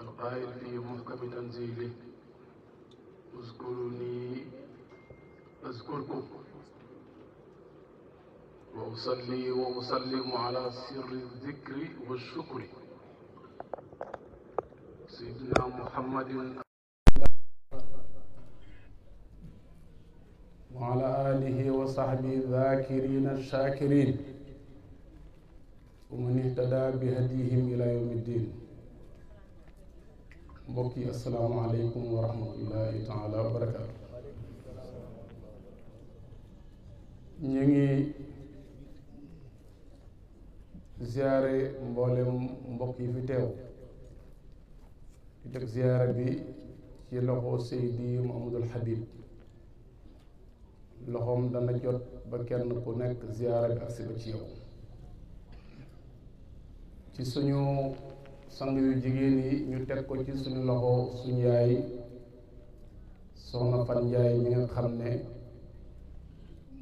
القائل في محكم تنزيله اذكرني أذكركم وأصلي وأسلم على سر الذكر والشكر سيدنا محمد وعلى آله وصحبه الذاكرين الشاكرين ومن اهتدى بهديهم إلى يوم الدين mbokk yi asalaamaaleykum wa rahmatullahi wa barakaatu ñu ngi ziyaare mboolem mbokk yi fi teew di teg ziyaare bi ci loxo Seydi Mahamadul Habib loxoom dana jot ba kenn ku nekk ziyaare bi ak si ci yow ci suñu sang yu jigéen yi ñu teg ko ci suñu loxo suñu yaay soxna Fan Njaay mi nga xam ne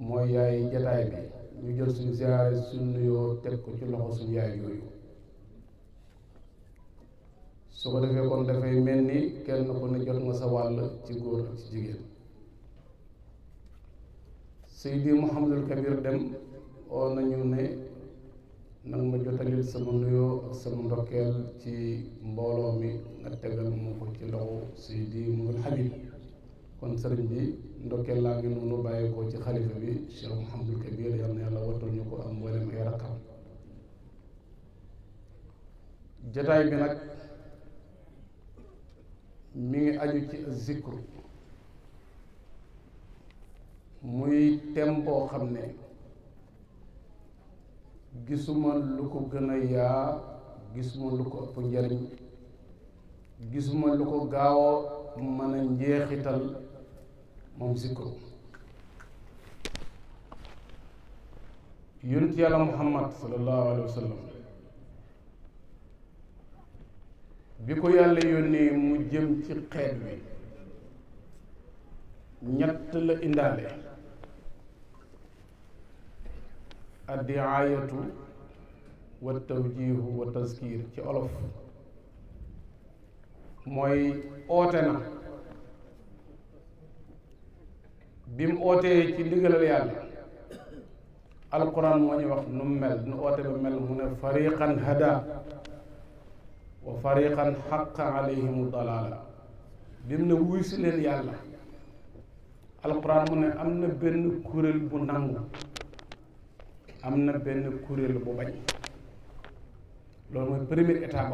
mooy yaay jataay bi ñu jël suñu ziare suñu nuyoo teg ko ci loxo suñu yaay yooyu su ko defee kon dafay mel ni kenn ku ne jot nga sa wàll ci góor ak ci jigéen Seydi Mouhamadul Kabir dem oo nañu ne nag ma jotalil sama nuyoo ak sama ndokkeel ci mbooloo mi nga tegal mu ko ci loxo Seydi Mouride Habib kon sëriñ bi ndokkeel laa ngi noonu bàyyi ko ci xalifa bi Cheikh Mouhamadul Kabir yàlla wattul ñu ko am mboolem ay rakkam jataay bi nag mi ngi aju ci zikru muy thème boo xam ne gisuma lu ko gën a yaa gisuma lu ko ëpp njariñ gisuma lu ko gaaw a mën a njeexital moom sikru yonent yàlla muhammad sallallahu alayhi wa sallam bi ko yàlla yónnee mu jëm ci xeet wi ñett la indaale addiaayatu wa tawjiihu wa tazkiir ci olof mooy oote na bi mu ootee ci ndigalal yàlla alquran moo ñuy wax nu mu mel nu oote ba mel mu ne fariqan hada wa fariqan xaqa alayhimu dalaala bi mu ne wuy leen yàlla alquran mu ne am na benn kuréel bu nangu am na benn kuréel bu bañ loolu mooy première étape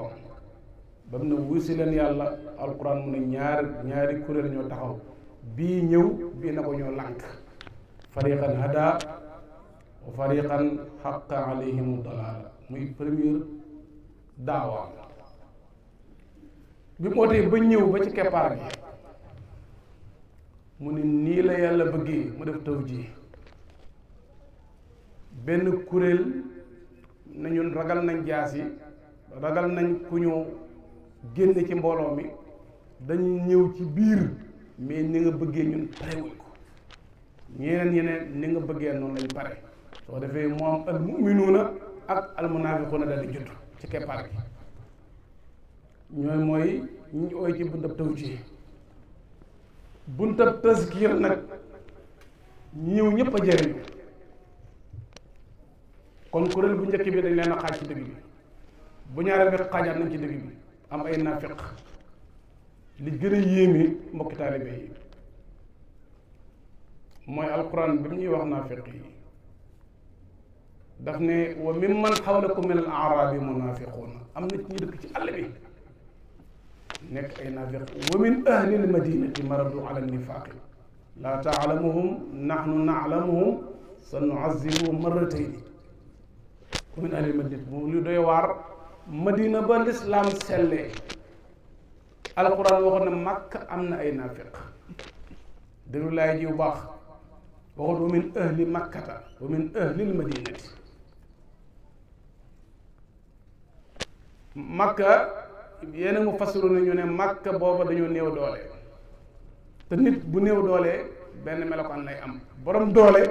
ba mu ne wuusi leen yàlla alquran mu ne ñaari ñaari kuréel ñoo taxaw bii ñëw bii na ko ñoo lànk fariqan hada wa fariqan xaqa dalaala muy première daawa bi mu ootee ba ñëw ba ci keppaar bi mu ne nii la yàlla bëggee mu def taw ji benn kuréel nañu ragal nañ jaas yi ragal nañ ku ñu génne ci mbooloo mi dañuy ñëw ci biir mais ni nga bëggee ñun parewuñ ko ñeneen ñeneen ni nga bëggee noonu lañ pare soo defee mu am al muminuuna ak al munaafiquuna daal di judd ci keppaar gi ñooy mooy ñu ooy ci buntab tawjiih buntab tazkiir nag ñëw ñëpp a jëriñu kon kuréel bu njëkk bi dañ leen a xaaj ci dëgg bi bu ñaareel bi xaajaat nañ ci dëgg bi am ay nafiq li gën a yéeme mbokki taalibe yi mooy alquran bi ñuy wax naafiq yi daf ne wa min man xawlakum min al arabi munafiquuna am na ci ñu dëkk ci àll bi nekk ay naafiq wa min ahli al madinati maradu ala nifaaqi laa taalamuhum nahnu naalamuhum sa nuazibuhum marratayn min ali madina moom lu doy waar madina ba lislaam sellee alxuraan waxoon ne màkk am na ay naafiq déglu laay ji bu baax waxoon wa min ahli makkata wa ahlil madinati makka yéen mu fasiru ne ne makka booba dañoo néew doole te nit bu néew doole benn melokaan lay am borom doole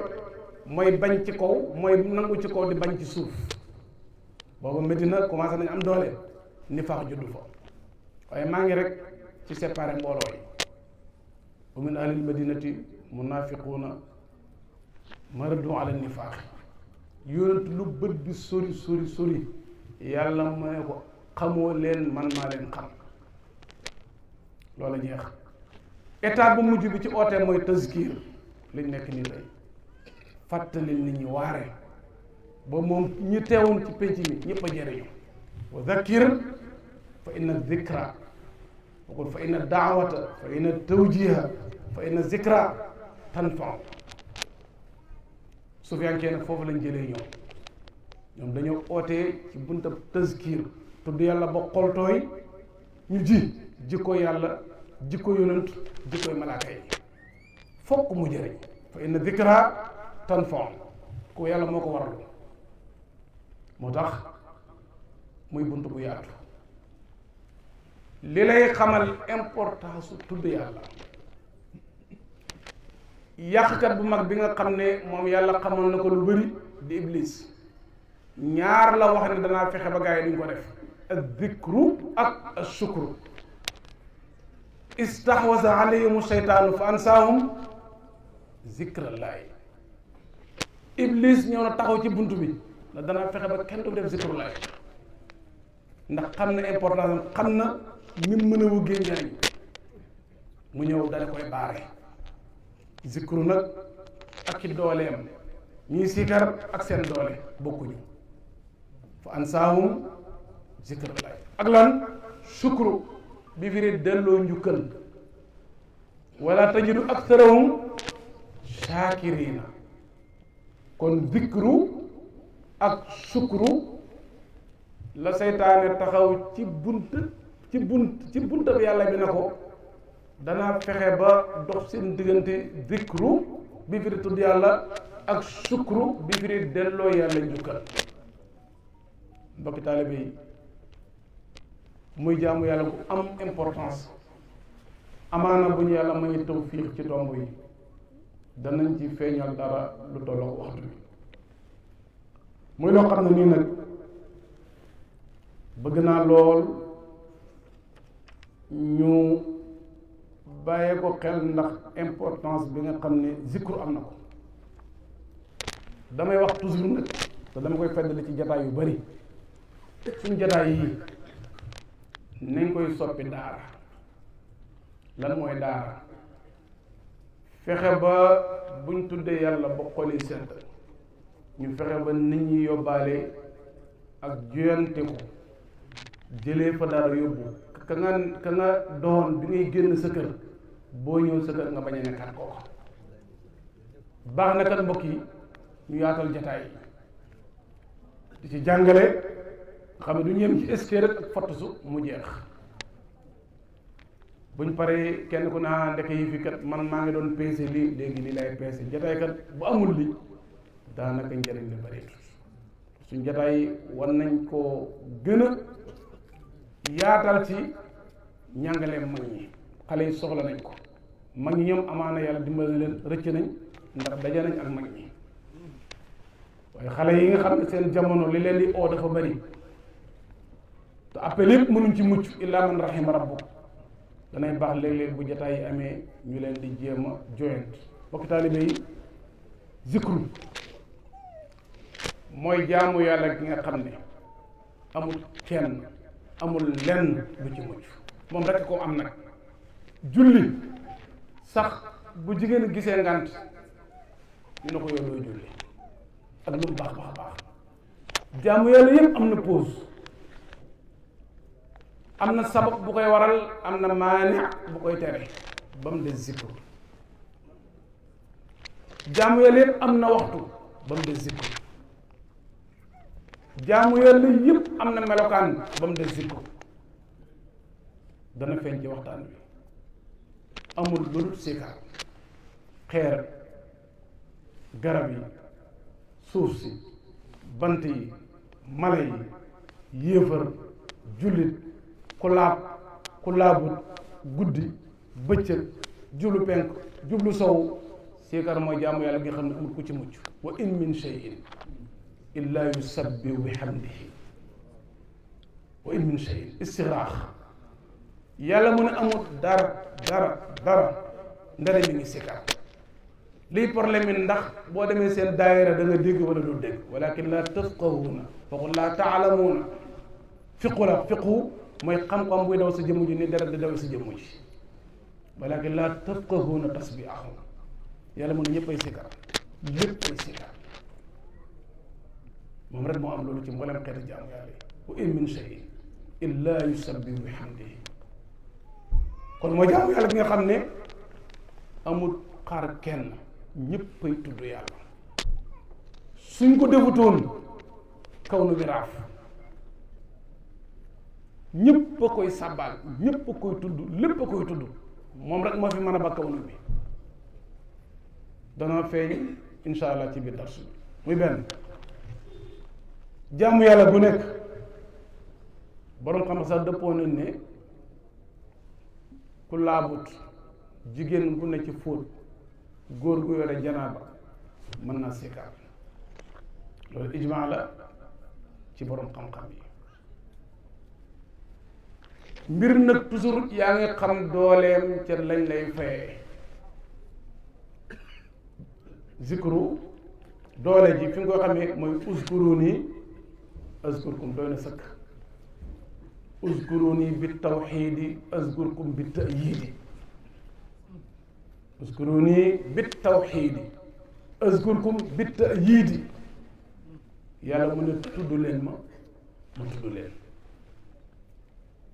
mooy bañ ci kaw mooy nangu ci kaw di bañ ci suuf boobu Medina commencé nañ am doole ni juddu fa waaye maa ngi rek ci séparé mbooloo yi wa min ahlil madinati a maradu ala nifaax yonent lu bët bi sori sori sori yàlla mooy ko xamoo leen man maa leen xam loola jeex état bu mujj bi ci oote mooy tazkir liñ nekk nii tey fàttali nit ñi waare ba moom ñu teewoon ci pénc mi ñëpp a jëriñu wa zakir fa inna zikra waxul fa inna daawata fa inna tawjiha fa inna zikra tanfaa sufiyankee nag foofu lañ jëlee ñoom ñoom dañoo ootee ci buntab tazkir tudd yàlla ba xoltooy ñu ji jikko yàlla jikko yonant jikkoy malaaka fokk mu jëriñ fa inna zikra tan fon ku yàlla moo ko waral moo tax muy bunt bu yaatu li lay xamal importance tudd yàlla yàqkat bu mag bi nga xam ne moom yàlla xamoon na ko lu bari di iblis ñaar la wax ne danaa fexe ba gaa yi duñ ko def ak dikru ak ak sukru istaxwasa alayhim seytaanu fa ansaahum zikrallahi iblis ñëw na taxaw ci bunt bi da danaa fexe ba kenn du def zikrullah ndax xam na importance xam na mi mën a wuggee njariñ mu ñëw dale koy baare zikru nag ak ci dooleem ñuy siikar ak seen doole bokkuñu fa ansaahum zikrullah ak lan sukru bi firi delloo njukkal wala tajidu aktharahum shaakirina kon zikru ak sukru la seytaane taxaw ci bunt ci bunt ci buntab yàlla bi na ko danaa fexe ba dox seen diggante zikru bi firi yàlla ak sukru bi firi delloo yàlla njukkal mbokki taalibe yi muy jaamu yàlla bu am importance amaana bu ñu yàlla may tawfiix ci tomb yi danañ ci feeñal dara lu tollook waxtu bi muy loo xam ne nii nag bëgg naa lool ñu bàyyee ko xel ndax importance bi nga xam ne zikru am na ko damay wax toujours nag te dama koy feddali ci jataay yu bari suñ jataay yii nañ koy soppi daara lan mooy daara fexe ba buñ tuddee yàlla ba xoli sedd ñu fexe ba nit ñi yóbbaale ak juyante ko jëlee fa dara yóbbu ka nga ka nga doon bi ngay génn sa kër boo ñëw sa kër nga bañ a nekkaat koo baax na kat mbokk yi ñu yaatal jataay yi di ci jàngale xam ne du ñu yem ci eskee rek mu jeex buñ paree kenn ku naa ah, ndeke yi fi kat man maa ngi doon peese lii léegi lii lay peese jataay kat bu amul li daanaka njëriñ la bëreetul suñ jataay war nañ ko gën a yaatal ci ñàngaleem mag ñi xale yi soxla nañ ko mag ñi ñoom amaana yàlla dimbali leen rëcc nañ ndax daje nañ ak mag ñi waaye xale yi nga xam ne seen jamono li leen di oo dafa bëri te appel yëpp mënuñ ci mucc illaa man rahima rabbuk danay baax léeg-léeg bu jataay yi amee ñu leen di jéem a joyant bokki taalibe yi mooy jaamu yàlla gi nga xam ne amul kenn amul lenn lu ci mucc moom rek ko am nag julli sax bu jigéen gisee ngant ñu ne ko yow looy julli ak lu baax baax baax jaamu yàlla yëpp am na pause am na sabab bu koy waral am na maani bu koy tere ba mu des zikr jaamu yàlla yëpp am na waxtu ba mu des zikr jaamu yàlla yëpp am na melokaan ba mu des zikr dana feeñ ci waxtaan bi amul lu dul sikar xeer garab yi suuf si bant yi mala yi yéefar jullit ku laab ku laabut guddi bëccëg jublu penk jublu sow siikar mooy jaamu yàlla gi xam ne amul ku ci mucc wa in min cheyin illa yusabbihu bi hamdihi wa in min cheyin istiraax yàlla mu ne amul dara dara dara ndare mi ngi siikar liy problème yi ndax boo demee seen daayira da dégg wala du dégg walakin la tafqahuuna faqul fiqu la fiqu mooy xam-xam buy daw sa jëmm ji ni deret di daw sa jëmm ji walakin laa tafqahuuna tasbiihahum yàlla mun na ñëpp ay sikkar lépp moom rek moo am loolu ci mboolem xeeti jaamu yàlla yi wa in min shay'in illa yusabbihu bi nga xam ne amul xaar kenn ñëppay tudd yàlla suñ ko defutoon kaw nu wiraaf ñëpp a koy sàbbaal ñëpp a koy tudd lépp a koy tudd moom rek moo fi mën a bakkaw na bi dana feeñ insha allah ci biir darsu muy benn jaamu yàlla bu nekk boroom xam sax dëppoo nañ ne ku laabut jigéen bu ne ci fóot góor gu yore janaaba mën naa sikkaar loolu ijmaa la ci boroom xam-xam yi mbir nag toujours yaa ngi xam dooleem ca lañ lay fayee zikru doole ji fi nga xamee mooy uskuruni azkurkum doy na sëkk uskuruni bi tawxiidi azkurkum bi tayiidi uskuruni bi tawxiidi azkurkum bi tayiidi yàlla mu ne tudd leen ma ma tudd leen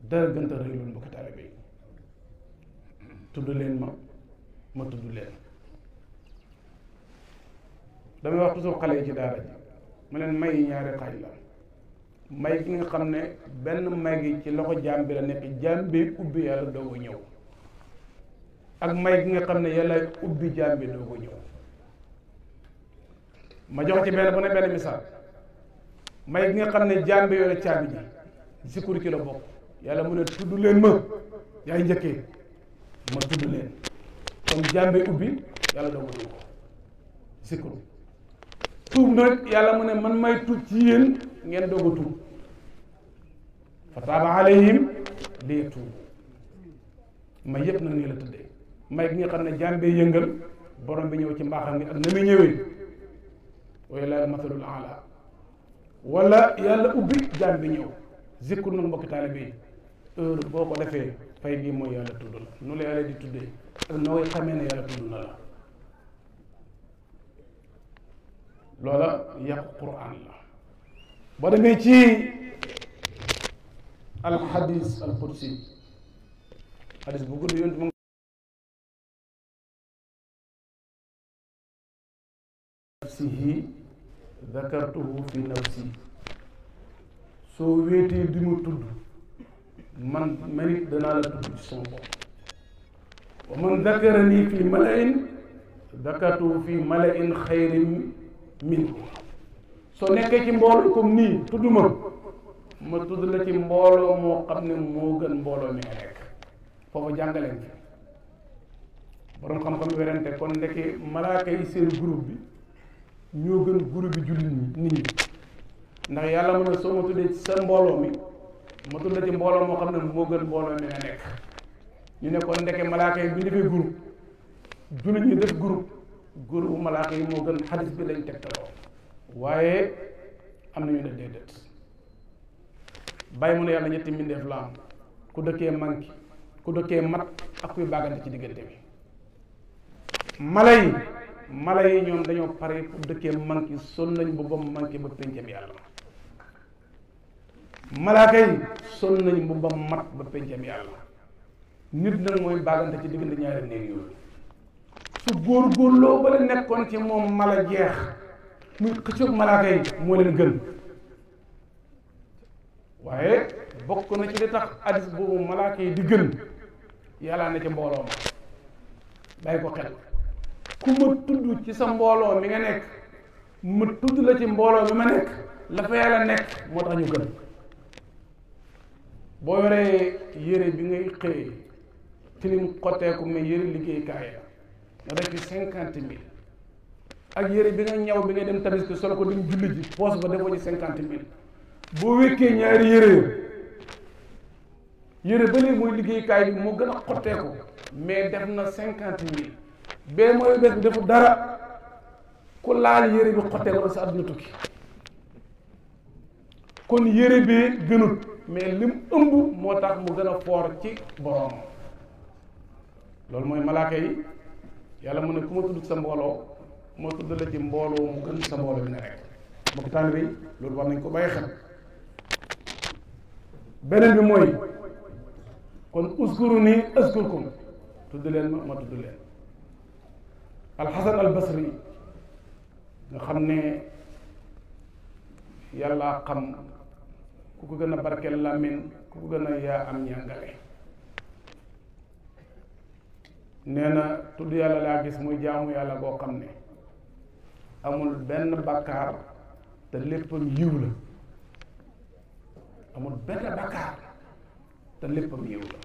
dara gënta rëy loolu mbokk taalibe tudd leen ma ma tudd leen damay wax toujours xale yi ci daara ji ma leen may yi ñaari xaaj la may gi nga xam ne benn may gi ci loxo jaam bi la nekk jaam bi ubbi doo ko may gi nga xam ne yàlla ubbi jaam bi doo ko ñëw ma jox ci benn bu ne benn misaal may gi nga xam ne jaam bi yore caabi ji sikkur ci la bokk yàlla mu ne tudd leen ma yaay njëkkee ma tudd leen kon jàmbe ubbi yàlla doo ma tuub sikru tuub nag yàlla mu ne man may tuub ci yéen ngeen doog tuub fa taaba alayhim lii tuub may yëpp nag nii la tëddee may gi nga xam ne jàmbe yëngal borom bi ñëw ci mbaaxam gi ak na ñëwee wa lillaahil masalul a'laa wala yàlla ubbi bi ñëw zikru nag mbokki taalibe heure boo ko defee fay bii mooy yàlla tudd la nu la yàlla di tudde ak nooy xamee ne yàlla tudd na la loola yàqu quran la boo demee ci alxadis alqudsi xadis bu gudd yontu mu nafsihi dakartuhu fi nafsi soo wéetee di ma tudd man man it danaa la tudd ci sama bopp wa man dakarani fi malain fii fi malain xayrin minhu soo nekkee ci mbooloo comme nii tudd ma ma tudd la ci mbooloo moo xam ne moo gën mbooloo mi nga nekk foofu jàngaleen fi borom xam-xam werante kon ndeke malaaka yi seen bi ñoo gën groupe bi jullit ñi nit ñi ndax yàlla mën a soo ma tuddee sa mbooloo mi ma dund ci mbooloo moo xam ne moo gën mbooloo mi nga nekk ñu ne kon ndeke malaaka yi bu ñu defee groupe jullit ñi def groupe groupe malaaka yi moo gën xadis bi lañ tegtaloo waaye am na ñu ne déedéet bàyyi mu ne yàlla ñetti mbindeef la am ku dëkkee manki ku dëkkee mat ak kuy bàggante ci diggante bi mala yi mala yi ñoom dañoo pare ku dëkkee manki sol nañ boobam manki ba péncam yàlla malaaka yi sol nañ bu ba mat ba pencam yàlla nit nag mooy bàggante ci diggante ñaari néeg yooyu su góorgóorloo ba la nekkoon ci moom mala jeex muy xëccoog malaaka yi moo leen gën waaye bokk na ci li tax addis boobu malaaka yi di gën yàlla na ci mbooloo ma bàyyi ko xel ku ma tudd ci sa mbooloo mi nga nekk ma tudd la ci mbooloo bi ma nekk la fa yàlla nekk moo tax ñu gën boo yoree yére bi ngay xëyee tilim xotteeku mais yére liggéeykaay la nga def cinquante mille ak yére bi nga ñaw bi ngay dem tabaski solo ko dem julli ji poos ba defoo ci cinquante mille boo wékkee ñaari yére yére ba léegi mooy liggéeykaay bi moo gën a xotteeku mais def na cinquante mille bee mooy bés bi defu dara ku laal yére bi xotteeku la sa àdduna tukki kon yére bi gënut mais lim ëmb moo tax mu gën a foor ci borom loolu mooy malaaka yi yàlla mu ne ku ma tudd sa mbooloo ma tudd la ci mbooloo mu gën sa mbooloo bi ne rek mbokk taalibe yi loolu war nañ ko bàyyi xel beneen bi mooy kon uskuru nii uskurkum tudd leen ma ma tudd leen alxasan albasri nga xam ne yàlla xam ku ko gën a barkeel làmmiñ ku ko gën a yaa am njàngale nee na tudd yàlla laa gis muy jaamu yàlla boo xam ne amul benn bàkkaar te léppam yiw la amul benn bàkkaar te léppam yiw la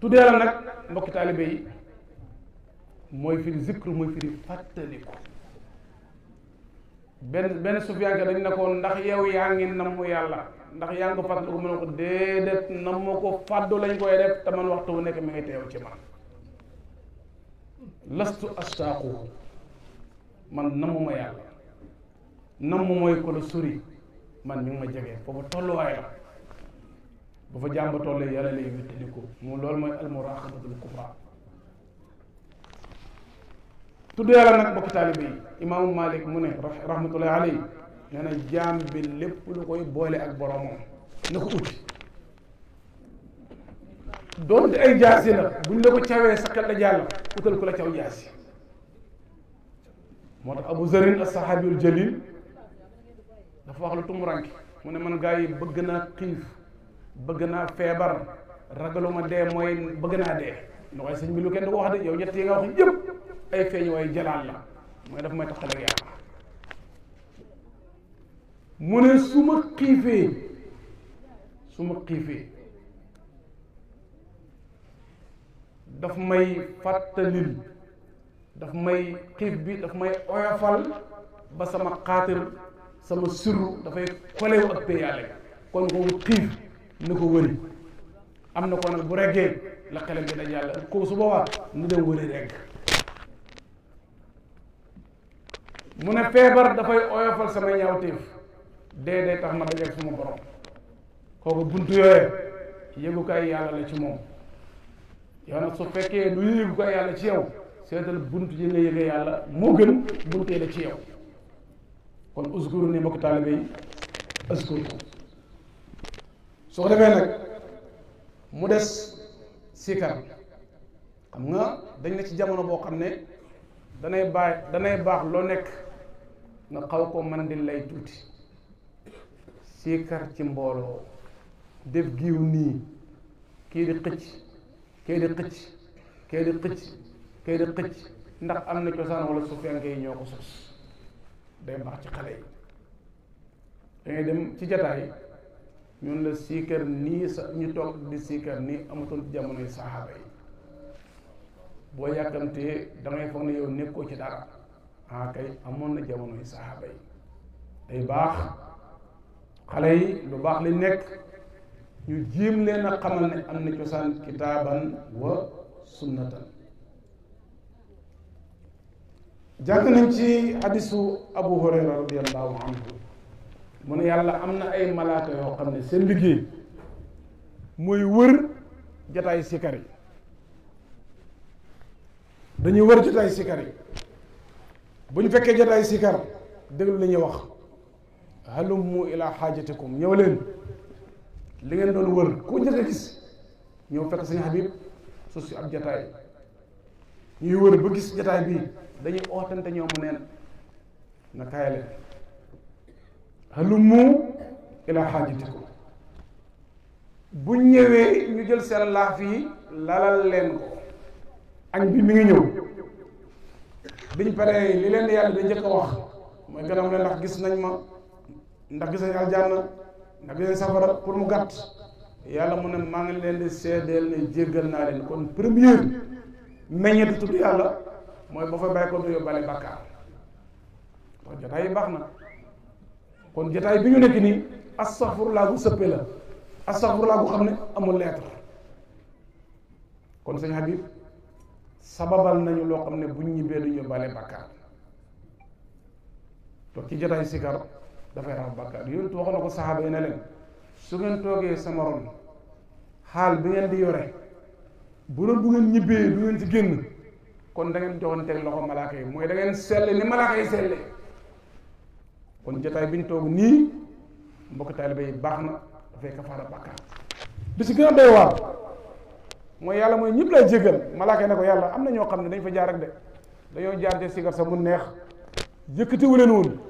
tudd yàlla nag mbokki taalibe yi mooy firi zikru mooy firi fàttaliku benn benn sufiyanke dañ ne ko ndax yow yaa ngi namm yàlla ndax yaa ngi ko fàttaliku mu ne ko déedéet namm ko fàddu lañ koy def te man waxtu wu nekk mi ngi teew ci man lastu astaaku man nammuma yàlla namm mooy ko la suri man mi ngi ma jege foofu tolluwaay la bu fa jàmb tollee yàlla lay wéttaliku mu loolu mooy almuraqabatul kubra tuddee la nag bokki taalibe yi imaamu Malik mu ne rahmatullahi alayhi nee na jaam bi lépp lu koy boole ak boromam na ko uti doonte ay jaasi la buñ la ko cawee sakkal la jàll utal ku la caw jaasi moo tax Abu Zarin sa sahaabiyul jalil dafa wax lu tumuranke mu ne man gaa yi bëgg naa xiif bëgg naa feebar ragaluma dee mooy bëgg naa dee ndoxoy sëñ bi lu kenn du ko wax de yow ñett yi nga wax yëpp ay feeñ waaye jalaal la mooy dafa may tax ak yàlla mu ne suma ma xiifee su xiifee daf may fàttalil daf may xiif bi dafa may oyofal ba sama xaatir sama sirru dafay kolewu ak pay yàlla kon kooku xiif na ko wëri am na ko bu reggee la xelam gi daj yàlla ko su boobaa ñu dem wëri rek mu ne feebar dafay oyofal sama ñaawteef dee dee tax ma dajeeg suma borom kooku bunt yooyee yëgukaay yàlla la ci moom yow nag su fekkee lu yëgukaay yàlla ci yow seetal bunt yi nga yëgee yàlla moo gën buntu yi la ci yow kon uskuru ni mbokk taalibe yi uskuru su ko defee nag mu des sikar xam nga dañ la ci jamono boo xam ne danay baax danay baax loo nekk nga xaw ko man di lay tuuti sikar ci mbooloo def giiw nii kii di xëcc kii di xëcc kii di xëcc ndax am na cosaan wala su fenke yi ñoo ko sos day baax ci xale yi dangay dem ci jataay ñoon la siikar nii sa ñu toog di siikar nii amatul jamonoy saxaaba yi boo yàkkamtee dangay foog ne yow nekkoo ci dara ah amoon na jamonoy saxaaba yi day baax xale yi lu baax lañ nekk ñu jiim leen a xamal ne am na cosaan kitaaban wa sunnatan jàng nañ ci hadisu abu hurayra radiallahu anhu mu ne yàlla am na ay malaaka yoo xam ne seen liggéey mooy wër jataay sikar yi dañuy wër jataay sikar yi bu ñu fekkee jataay sikar déglu li ñuy wax halummu ila xaajatikum ñëw leen li ngeen doon wër ku njëkk a gis ñëw fekk sëñ Habib su si ab jataay ñuy wër ba gis jataay bii dañuy ootante ñoomu neen na kaayale halumu ilaa xaajatikum bu ñëwee ñu jël seen laaf yi lalal leen ko añ bi mi ngi ñëw biñ paree li leen yàlla da njëkk a wax mooy gënam leen ndax gis nañ ma ndax gis nañ aljanna ndax gis nañ safara pour mu gàtt yàlla mu ne maa ngi leen di seedeel ne jéggal naa leen kon première meññetu tudd yàlla mooy boo fa bàyyi ko du yóbbaale bàkkaar wax jotaay yi baax na kon jotaay bi ñu nekk nii astaghfirullah bu sëppee la astaghfirullah bu xam ne amul lettre kon sëñ Habib sababal nañu loo xam ne buñ ñibbee du ñu bale bàkkaar toog ci jotaay sikar dafay rax bàkkaar yonent waxoon na ko saxaaba yi ne leen su ngeen toogee sama ron xaal bi ngeen di yore bu doon bu ngeen ñibbee du ngeen ci génn kon da ngeen joxanteeg loxo malaaka yi mooy da ngeen selle ni malaaka yi kon jotaay bi ñu toog nii mbokk taalibe yi baax na dafay kafaara bàkkaar bi si gën a doy waar mooy yàlla mooy ñëpp lay jégal malaaka ne ko yàlla am na ñoo xam ne dañ fa jaar rek de dañoo jaar ca sigar sa mu neex yëkkatiwu leen woon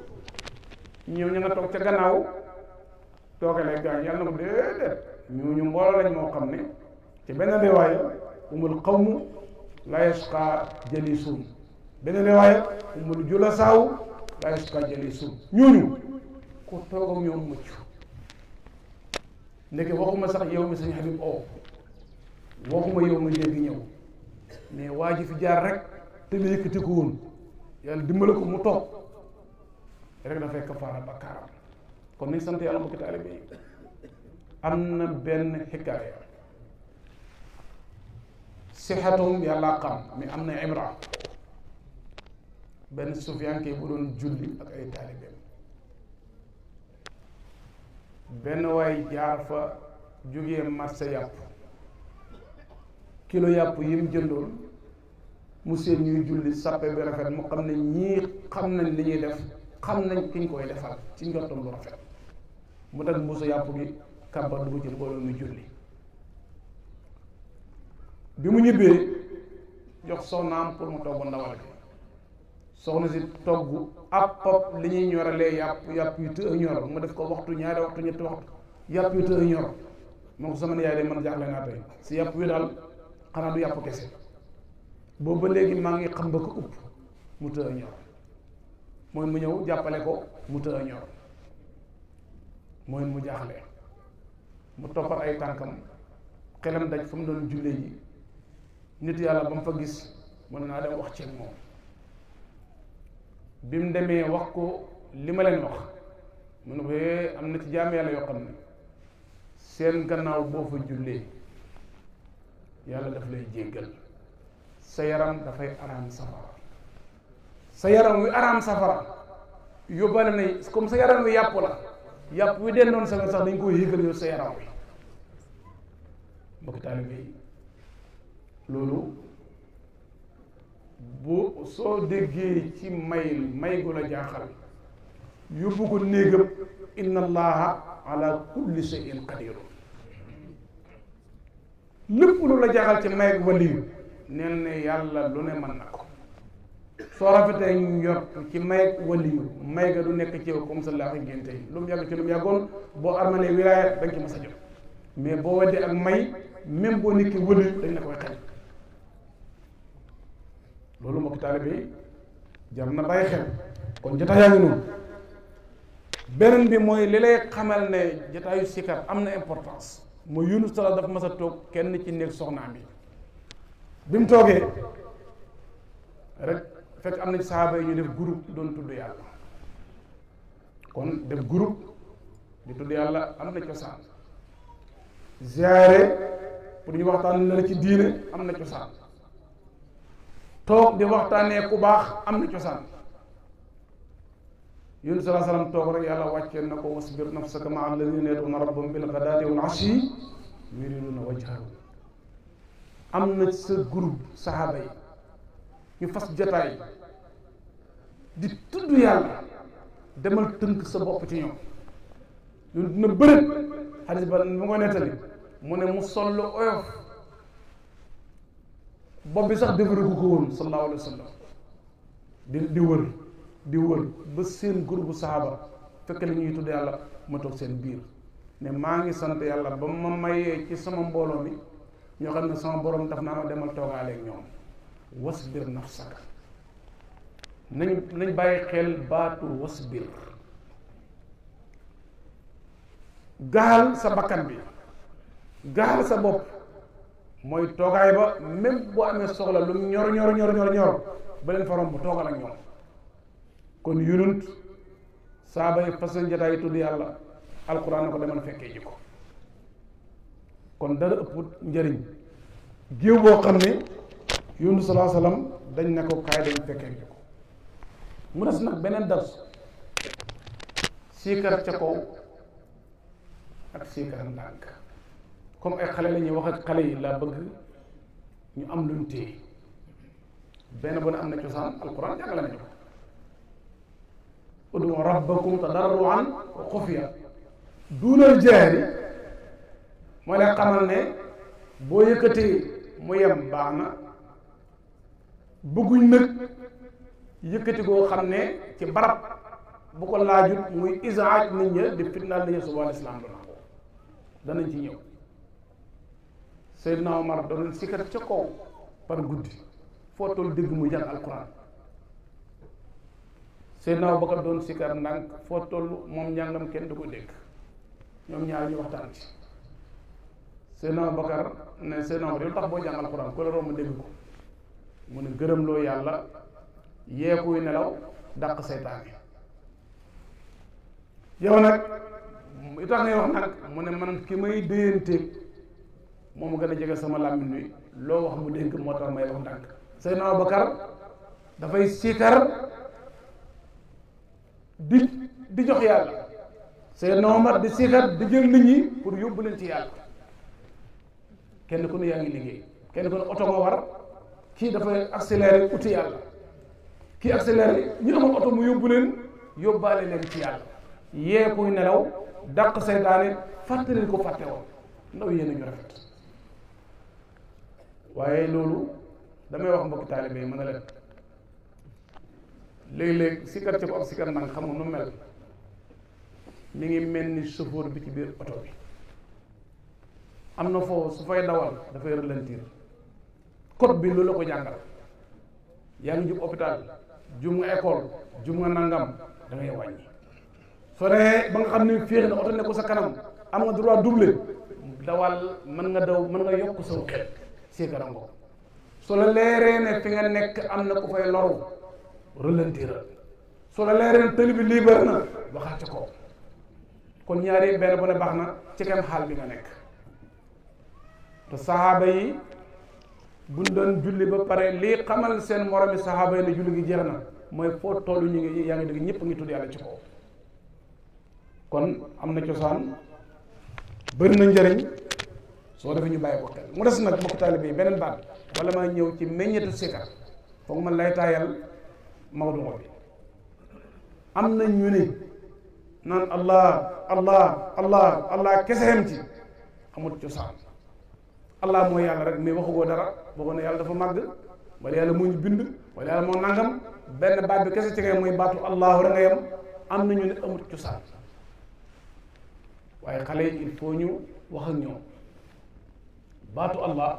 ñëw ñu nga toog ca gannaaw toogale gaañ yàlla na ko déedéet ñooñu mbooloo lañ moo xam ne ci benn riwaaya umul qawmu la yasqa jalisuun benn riwaaya umul julasaaw waaye su ko suuf ñooñu ku toogam yow mucc ndeke waxuma sax yow mi sañ Habib oo waxuma yow mi léegi ñëw mais waa ji fi jaar rek te mu yëkkati ko woon yàlla dimbale mu toog rek dafay kafaara bakkaaram kon nañ sant yàlla mbokki taalibe yi am na benn xikaaya sixatum yàlla xam mais am na ibra benn sufiyanke bu doon julli ak ay taalibeem benn waay jaar fa jógee marché yàpp kilo yàpp yi mu jëndoon mu seen ñuy julli sàppe bi rafet mu xam ne ñii xam nañ li ñuy def xam nañ kiñ ñu koy defal ci njortam lu rafet mu teg mbuusu yàpp gi kàbbar dugg ci mbooloo muy julli bi mu ñibbee jox soxnaam pour mu togg ndawal bi soxna si togg ab pop li ñuy ñoralee yàpp yàpp yu të ñor mu def ko waxtu ñaari waxtu ñetti waxtu yàpp yu të ñor moo ko sama yaay de man jaaxle naa tey si yàpp yu daal xanaa du yàpp kese boobu ba léegi maa ngi xam ba ko upp mu të ñor mooy mu ñëw jàppale ko mu të ñor mooy mu jaaxle mu toppat ay tànkam xelam daj fa mu doon jullee ji nit yàlla ba mu fa gis mën naa dem wax ci moom bi mu demee wax ko li ma leen wax mu ne ko yee eh, am na ci jaam yàlla yoo xam ne seen gannaaw boo fa jullee yàlla daf lay jéggal sa yaram dafay araam safara sa yaram wi araam safara yóbbaale na comme sa yaram wi yàpp la yàpp wi den doon sax dañ koy yëgal yow sa yaram wi mbokk taalibe yi loolu bu soo déggee ci may may gu la jaaxal yóbbu ko néegam inna allaha ala kulli shay'in qadirun lépp lu la jaaxal ci may gu waliyu neen ne yàlla lu ne mën nag ko soo rafetee njort ci may waliyu may ga du nekk ci yow comme sa yi lu mu yàgg ci lu mu yàggoon boo armanee wilaaya da jot mais boo weddee ak may même boo nekkee waliyu dañ la koy xel loolu mbokk taalibe yi jar na bàyyi xel kon jotaay yaa ngi noonu beneen bi mooy li lay xamal ne jotaayu sikar am na importance mooy Yunus Talla dafa mas a toog kenn ci néeg soxnaam bi bi mu toogee rek fekk am na ci saaba yi ñu def group doon tudd yàlla kon def groupe di tudd yàlla am na cosaan ziare pour ñu waxtaan la la ci diine am na cosaan toog di waxtaanee ku baax am na cosaan yun salaa salaam toog rek yàlla wàccee na ko wasbir nafsaka ma alladina yaduna rabbahum bil ghadaati wal ashi yuriduna wajhahu am na sa groupe saxaaba yi ñu fas jotaay di tudd yàlla demal tënk sa bopp ci ñoom ñun dina bëri xadis ba mu ko nettali mu ne mu sol lu oyof bopp bi sax defaru ko woon sallallahu alayhi wa sallam di di wër di wër ba seen groupe saxaaba fekk li ñuy tudd yàlla ma toog seen biir ne maa ngi sant yàlla ba ma mayee ci sama mbooloo mi ñoo xam ne sama borom daf naa ma demal toogaale ak ñoom wasbir nafsaka nañ nañ bàyyi xel baatu wasbir gaal sa bakkan bi gaal sa bopp mooy toogaay ba même boo amee soxla lu ñor ñor ñor ñor ñor ba leen fa romb toogal ak ñoom kon yununt saa bay façon jataay tudd yàlla alxuraan na ko demal fekkee ji kon dara ëpp njëriñ géew boo xam ne yununt salaa dañ ne ko kaay dañ fekkee ji mu des nag beneen dars siikar ca kaw ak siikar ndànk comme ay xale lañuy ñuy wax ak xale yi laa bëgg ñu am luñ téye benn bu ne am na cosaan alquran jàngale nañu ko udu rabbakum tadarruan wa xufiya duunal jahri moo lay xamal ne boo yëkkatee mu yem baax na bëgguñ nag yëkkati koo xam ne ci barab bu ko laajut muy isaaj nit ña di fitnaal nit ña subaa lislaam danañ ci ñëw Seydina Omar doon sikkat ca kaw par guddi foo toll dégg mu jàng alquran Seydina Abubakar doon sikkat ndànk foo toll moom njàngam kenn du ko dégg ñoom ñaar ñu waxtaan ci Seydina Abubakar ne Seydina Omar yow tax boo jàng alquran ku la romb dégg ko mu ne gërëm loo yàlla yeekuy nelaw dàq seytaan yi yow nag itax ngay wax nag mu ne man ki may déyanteeg moo ma gën a jege sama làmmiñ wi loo wax mu dénk moo tax may wax ndànk Seydina Abubakar dafay siikar di di jox yàlla Seydina Omar di siikar di jël nit ñi pour yóbbu leen ci yàlla kenn ku ne yaa ngi liggéey kenn ku ne oto nga kii dafay accéléré uti ñu amul oto mu yóbbu leen yóbbaale leen ci yàlla yee kuy nelaw dàq seytaane fàttali ko fàtte woon ndaw yéen ñu rafet waaye loolu damay wax mbokki taalibe yi mën a leen léeg-léeg sikar ci ko ak sikar nang xamul nu mel mi ngi mel ni chauffeur bi ci biir oto bi am na foofu su fay dawal dafay ralentir code bi loolu la ko jàngal yaa ngi jub hôpital jum nga école jum nga nangam da ngay wàññi soo ba nga xam ne féex na oto ne sa kanam am nga droit doublé dawal mën nga daw mën nga yokk sa xel siikaram nga ko su la leeree ne fi nga nekk am na ku fay loru rëlantiral su la leeree ne tëli bi liibar waxaat ci ko kon ñaari benn bu ne baax na ci kam xaal bi nga nekk te saxaaba yi buñ doon julli ba pare lii xamal seen moromi saxaaba yi ne julli gi jeex na mooy foo tollu ñu ngi yaa ngi dégg ñëpp ngi tudd yàlla ci kaw kon am na cosaan bëri na njëriñ soo defee ñu bàyyi ko xel mu des nag mbokk taalibe yi beneen baat wala maa ñëw ci meññetu sikar foog man lay taayal Maodo bi am na ñu ne naan allah allah allah allah kese xem ci amut cosaan allah mooy yàlla rek mais goo dara boogoo ne yàlla dafa màgg wala yàlla moo ñu bind wala yàlla moo nangam benn baat bi kese ci ngay mooy baatu allahu rek nga yem am na ñu ne amut cosaan waaye xale yi il faut ñu wax ak ñoom baatu allah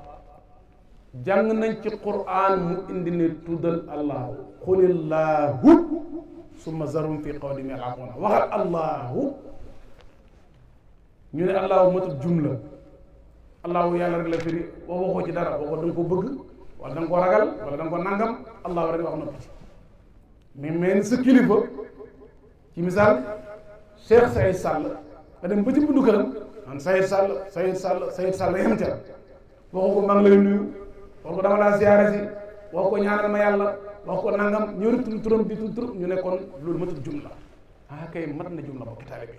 jàng nañ ci quraan mu indi ne tuddal allah xulillaahu summa zarum fi qawlim yal'abuna waxal allahu ñu ne allahu matul jumla allahu yàlla rek la firi wax waxoo ci dara waxoo da bëgg wala da ragal wala da nangam allahu rek wax na ko ci mais mel sa kilifa ci misaal Cheikh Sayid Sall nga dem ba ci bundu këram naan Sayid Sall waxu ko maa ngi lay nuyu wax ko dama laa ziyaare si wax ko ñaanal ma yàlla wax ko nangam ñëw tudd turam tudd turam ñu ne kon loolu matul jumla ah kay mat na jumla bokk taalibe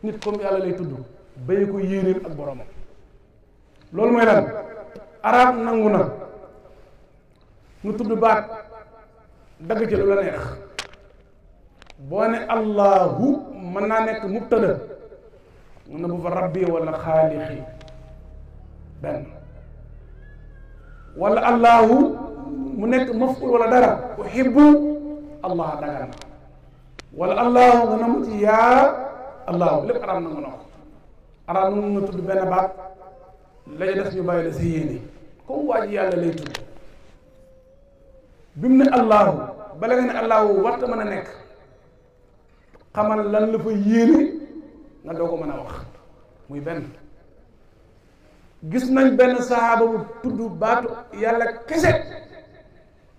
bi nit comme yàlla lay tudd bay ko yéeneem ak boromam loolu mooy lan arab nangu na nu tudd baat dagg ci lu la neex boo ne allahu mën naa nekk mubtada mun na bu fa rabbi wala xaalixi benn wala allahu mu nekk maful wala dara uhibbu allah dagan na wala allahu nga nam ci yaa allahu lépp araam na nga noo araam na nga tudd benn baat lañu des ñu bàyyi la sa yéene comme waa ji yàlla lay tudd bi mu ne allahu bala nga ne allahu warta mën a nekk xamal lan la fa yéene nga doo ko mën a wax muy benn gis nañ benn sahaaba bu tudd baatu yàlla kese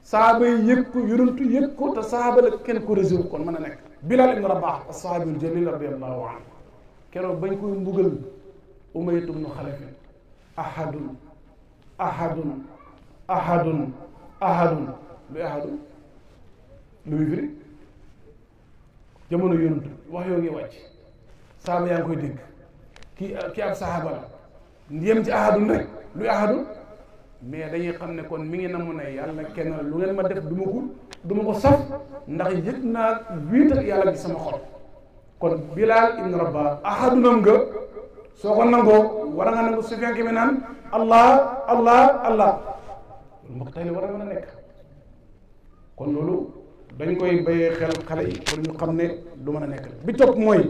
sahaaba yi yëg ko yonantu yëg ko te sahaaba la kenn ko réseau kon mën a nekk bilal ibn rabah asahaabiul jalil radiallahu anhu keroog bañ koy mbugal umaytu bnu xalafin ahadun ahadun ahadun ahadun luy ahadun luy firi jamono yonantu wax yoo ngi wàcc sahaaba yaa ngi koy dégg kii kii sahaaba la yem ci ahadun rek luy ahadun mais dañuy xam ne kon mi ngi namu ne yàlla kenn lu ngeen ma def du ma ko duma ma ko saf ndax yëg naa wiital yàlla bi sama xol kon bilaal ibn rabba ahadunam nga soo ko nangoo war a nga nangu Sufyaan ki mi naan allah allah allah mbokk tey la war a mën a nekk kon loolu dañ koy bayee xel xale yi pour ñu xam ne lu mën a nekk bi topp mooy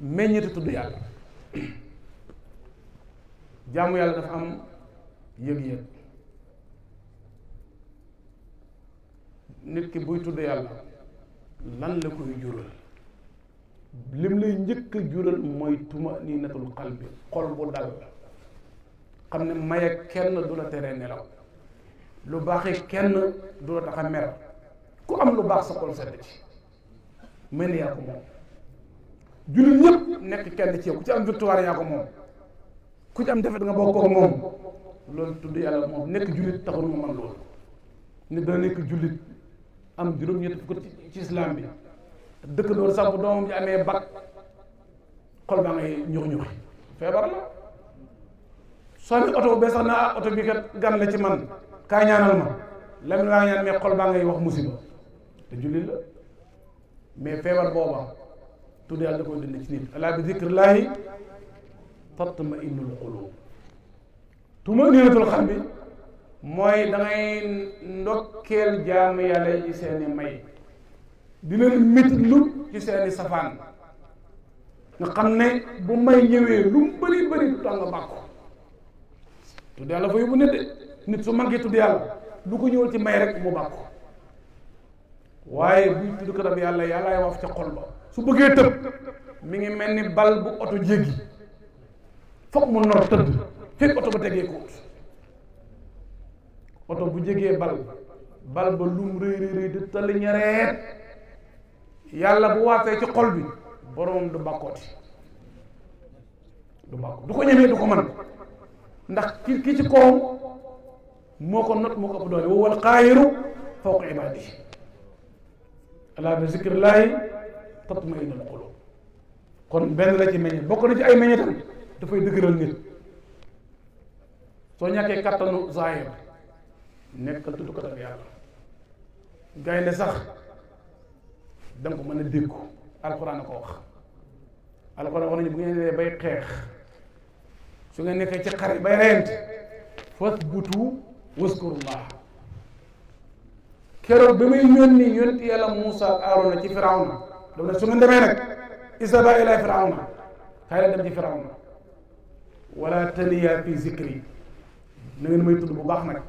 meññeeti tudd yàlla jaamu yàlla dafa am yëg-yëg nit ki buy tudd yàlla lan la koy jural lim lay njëkk a jural mooy tuma nii natul xalbi xol bu dal xam ne maye kenn du la tere nelaw lu baaxee kenn du la tax a mer ku am lu baax sa xol sedd ci mel ni yaa ko moom jullit ñëpp nekk kenn ci yow ci am victoire yaa ko moom ku ci am defet nga bokk ak moom loolu tudd yàlla moom nekk jullit taxul nga mën loolu nit dana nekk jullit am juróom-ñett fukk ci islam bi dëkk loolu sax bu doomam ji amee bag xol baa ngay ñux ñuxi feebar la soo amee oto bee sax naa oto bi gan la ci man kaa ñaanal ma lam laa ñaan mais xol baa ngay wax musiba te jullit la mais feebar booba tudd yàlla da koy dindi ci nit alaa tatma innul qulub tumaninatul qalbi mooy da ngay ndokkeel jaamu yàlla ci seeni may di leen métitlu ci seeni safaan nga xam ne bu may ñëwee lu mu bëri bëri du tax nga bàkko tudd fa yóbbu nit de nit su manqué tudd yàlla du ko ñëwal ci may rek mu bàkko waaye buy tudd katab yàlla yàllaay wax ca xol ba su bëggee tëb mi ngi mel ni bal bu oto jéggi foog mu nor tëdd fekk oto ba tegee ko oto bu jegee bal bal ba lum rëy rëy di tali ñareet yàlla bu waafee ci xol bi boromam du bàkkooti du ko ñemee du ko mën ndax ki ki ci kawam moo ko not moo ko ëpp doole wa wal qaahiru fawqa ibaadihi alaa bi zikrillaahi tatma'innul quluub kon benn la ci meññet bokk na ci ay meññetam dafay dëgëral nit soo ñàkkee kattanu zaahir nekkal tuddkat ak yàlla gaynde sax danga ko mën a dégg alxuraan a ko wax alxuraan wax nañu bu ngeen nee bay xeex su nga nekkee ci xare bay reyante fasbutu waskurullah keroog bi muy yónni yónni yàlla Muusa musa Aarona ci firawna dama ne su ngeen demee nag isaba ila firawna kaay la dem ci firawna wala taniya fi zikri na tudd bu baax nag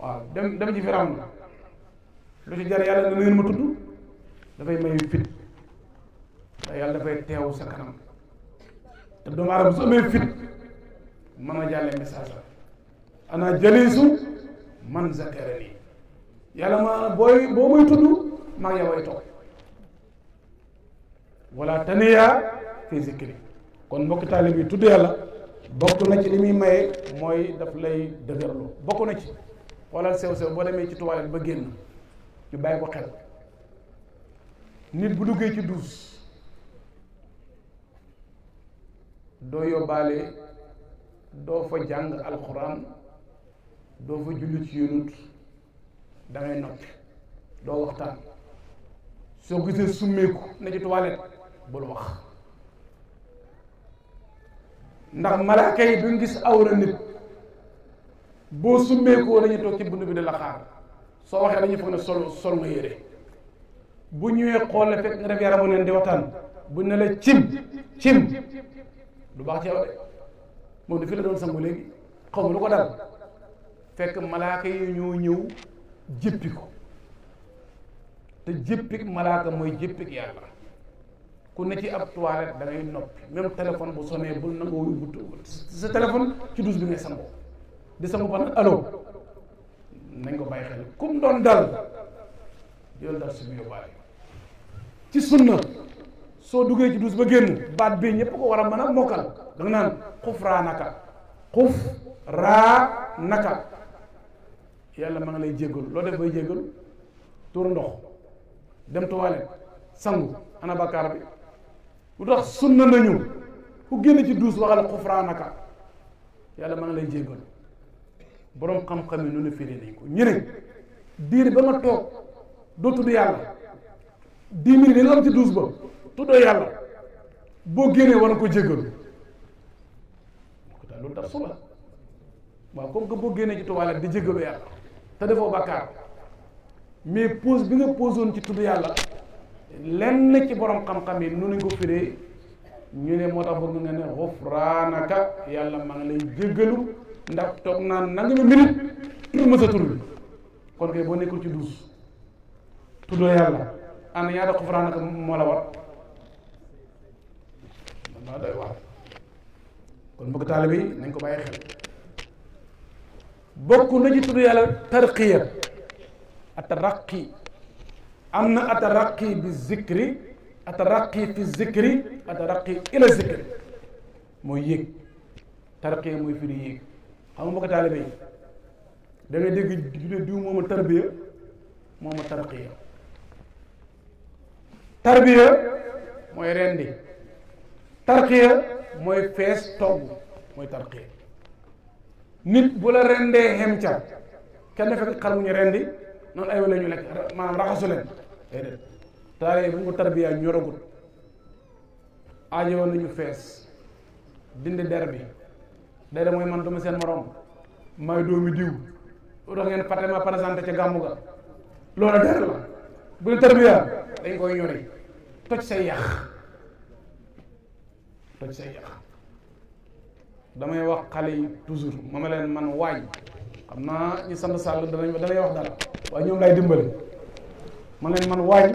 waaw dem dem ci firam lu ci jar yàlla na ngeen ma tudd dafay may fit te yàlla dafay teew sa kanam te doomu aadama su amee fit mën a jàlle message la ana jalisu man zakara nii yàlla ma booy boo muy tudd maa ngi toog wala taniya fi kon mbokk taalib yi tudd yàlla bokk na ci li muy maye mooy daf lay dëgërloo bokk na ci xoolal sew sew boo demee ci toilette ba génn ñu bàyyi ko xel nit bu duggee ci duus doo yóbbaale doo fa jàng alxuraan doo fa julli ci yonut noppi doo waxtaan soo gisee summeeku na ci toilette bul wax ndax malaaka yi duñ gis awra nit boo summeekoo dañuy toog ci bunt bi di la xaar soo waxee dañu foog ne sol sol nga yére bu ñëwee xool la fekk nga def yaramu neen di waxtaan bu ne la cim cim du baax ci yow de moom dafii la doon sangu léegi xaw ma lu ko dal fekk malaaka yi ñoo ñëw jéppi ko te jéppik malaaka mooy jéppik yàlla ku ne ci ab toilette da ngay noppi même téléphone bu sonnee bul nangoo yóbbu sa téléphone ci douche bi ngay sangoo di sangu ba nag allo nañ ko bàyyi xel kum doon dal jël dal suñu yóbbaale duggee ci douche ba génn baat bi ñëpp ko war a mën a mokkal da naan xuf raa naka xuf raa naka yàlla ma nga lay jéggalu loo def bay jéggalu tuur ndox dem toilette sangu ana bi lu tax sunna nañu ku génn ci duus waxal xufraanaka yàlla maa ngi lay jéggal boroom xam-xam yi noonu firi nañ ko ñu diir ba nga toog doo tudd yàlla dix minutes yi nga am ci duus ba tuddoo yàlla boo génnee war na ko jéggalu loolu tax suba waaw comme que boo génnee ci toilette di jéggalu yàlla te defoo bàkkaar mais pause bi nga posoon ci tudd yàlla lenn ci borom xam-xam yi nu ne ko ñu ne moo tax bëgg nga ne xufraanaka yàlla maa ngi lay jéggalu ndax toog naa nangami minute tur ma sa tur bi kon kay boo nekkul ci duus tuddoo yàlla ana ñaata xufraanaka moo la war maa doy waar kon mbokk taalibe yi nañ ko bàyyi xel bokk na ci tudd yàlla tarqiya ataraqi am na ataraqi bi zikri ataraqi fi zikri ataraqi ila zikri mooy yéeg taraqi mooy firi yéeg xam nga mbokk taalibe yi da ngay dégg du diw mooma tarbiya mooma taraqiya tarbiya mooy rendi tarqiya mooy fees togg mooy tarqiya nit bu la rendee xem ca kenn fekk xar mu ñu rendi noonu ay wala ñu lekk maanaam raxasu leen déedéet taalibe bu ñu ko tarbiyaa ñoragut aajowoon nañu fees dindi der bi day mooy man duma seen morom may doomi diw lu tax ngeen fàtte ma sant ca gàmmu ga loolu der la bu ñu tarbiyaa dañ koy ñori toj say yàq toj say yàq damay wax xale yi toujours ma ma leen man waay xam naa ñu sant sàll danañ damay wax dara waaye ñoom lay dimbali ma leen man waañ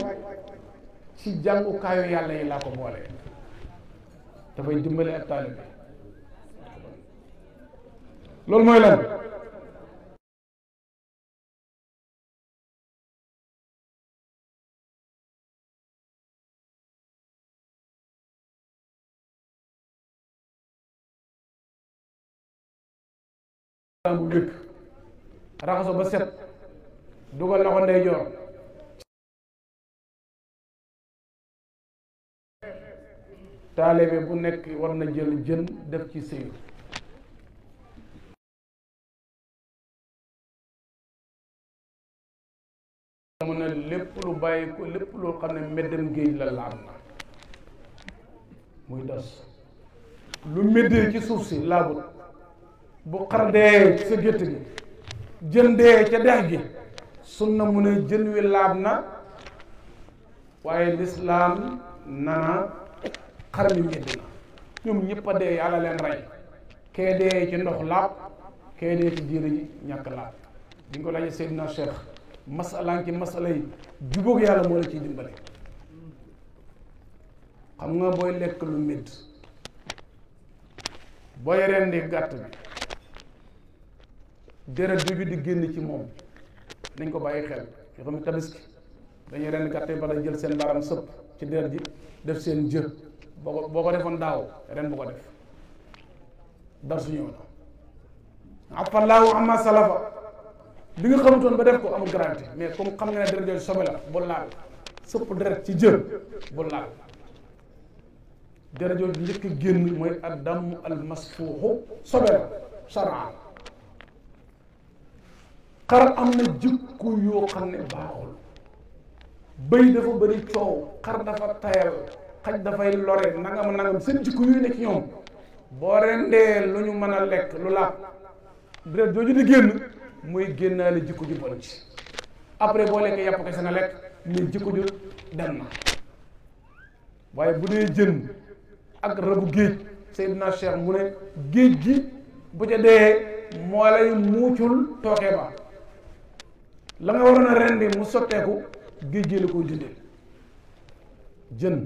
ci jàngukaayu yàlla yi laa ko boole dafay dimbale ak taalib bi loolu mooy lan bu njëkk ba set dugal loxo ndeyjoor taalibe bu nekk war na jël jën def ci sëyur mu ne xam ne meddam géej la laal na muy das lu meddee ci suuf si laabut bu xar dee sa gétt gi jën dee ca dex gi sunna mu ne jën wi laab na waaye lislaam nana xaram yu ngeen dina ñoom ñëpp a dee yàlla leen rey kee dee ci ndox laab kee dee ci diir yi ñàkk laab bi nga ko laajee Seydina Cheikh masalaan ci masala yi jubóog yàlla moo la ciy dimbale xam nga booy lekk lu médd booy rendi gàtt bi deret bi bi di génn ci moom dañ ko bàyyi xel yoo xam ne tabaski dañuy rendi gàtt bi ba jël seen baram sëpp ci deret ji def seen jë boo ko boo ko defoon daaw ren bu ko def dar su ñëw afallaahu amma salafa bi nga xamutoon ba def ko am garanti mais comme xam nga ne deret jooju sobe la bul laal sëpp deret ci jër bul njëkk génn mooy addamu almasfuuxu sobe la sharaa xar am na jikko yoo xam ne baaxul bëy dafa bëri coow xar dafa tayal xaj dafay lore nangam nangam seen jikko yooyu nekk ñoom boo rendee lu ñu mën a lekk lu laab deret jooju di génn mooy génnaale jikko ju bon ci après boo lekkee yàpp kese nga lekk ni jikko ju dem na bu dee jën géej Seydina Cheikh mu ne géej gi bu ca dee moo lay muucul tooke ba la nga waroon a rendi mu sotteeku géej gi la koo jëndee jën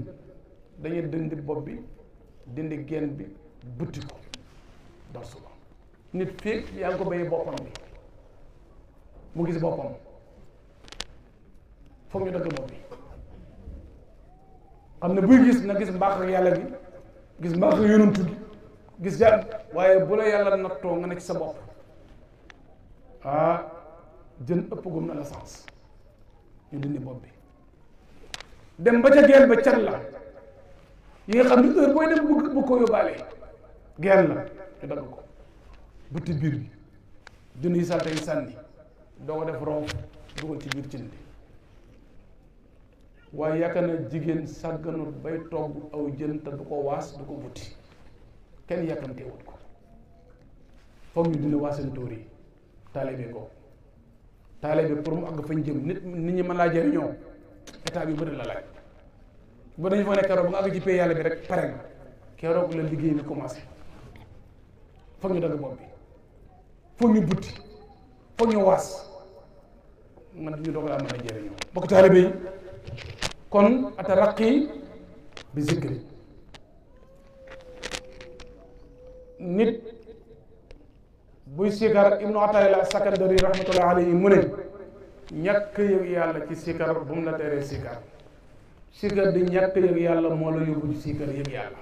dañuy dindi bopp bi dindi genn bi buddi ko dal nit féeg yaa ngi ko béyee boppam bi mu gis boppam foog ñu dagg bopp bi xam ne buy gis na gis mbaax ak yàlla gi gis mbaax ak yonantu gi gis jàpp waaye bu la yàlla nattoo nga ne ci sa bopp ah jën ëpp gum na la sens ñu dindi bopp bi dem ba ca genn ba cat la yi nga xam ne heure booy dem bëgg bëgg ko yóbbaale genn la te dagg ko bëtt biir bi dund yi salte yi sànni doo ko def roof dugal ci biir cin bi waaye yaakaar na jigéen sàgganut bay togg aw jën te du ko waas du ko butti kenn yàkkamteewut ko foog ñu dina waaseen tóor yi taalibe ko taalibe pour mu àgg fañ jëm nit nit ñi mën laa jëriñoo état bi bëri la laaj ba dañu fa ne keroog nga àgg ci yàlla bi rek pare nga keroog la liggéey bi commencé foog ñu dagg bopp bi foog ñu butti foog ñu waas man ñu doog laa mën a jëriñoo bokk taalibe yi kon ataraqi bi zikri nit buy sikar ibnu atalila sakandari rahmatullahi alayhi mu ne ñàkk yëg yàlla ci sikar bu mu la teree sikar sikar di ñàkk yëg yàlla moo la yóbbu ci sikar yëg yàlla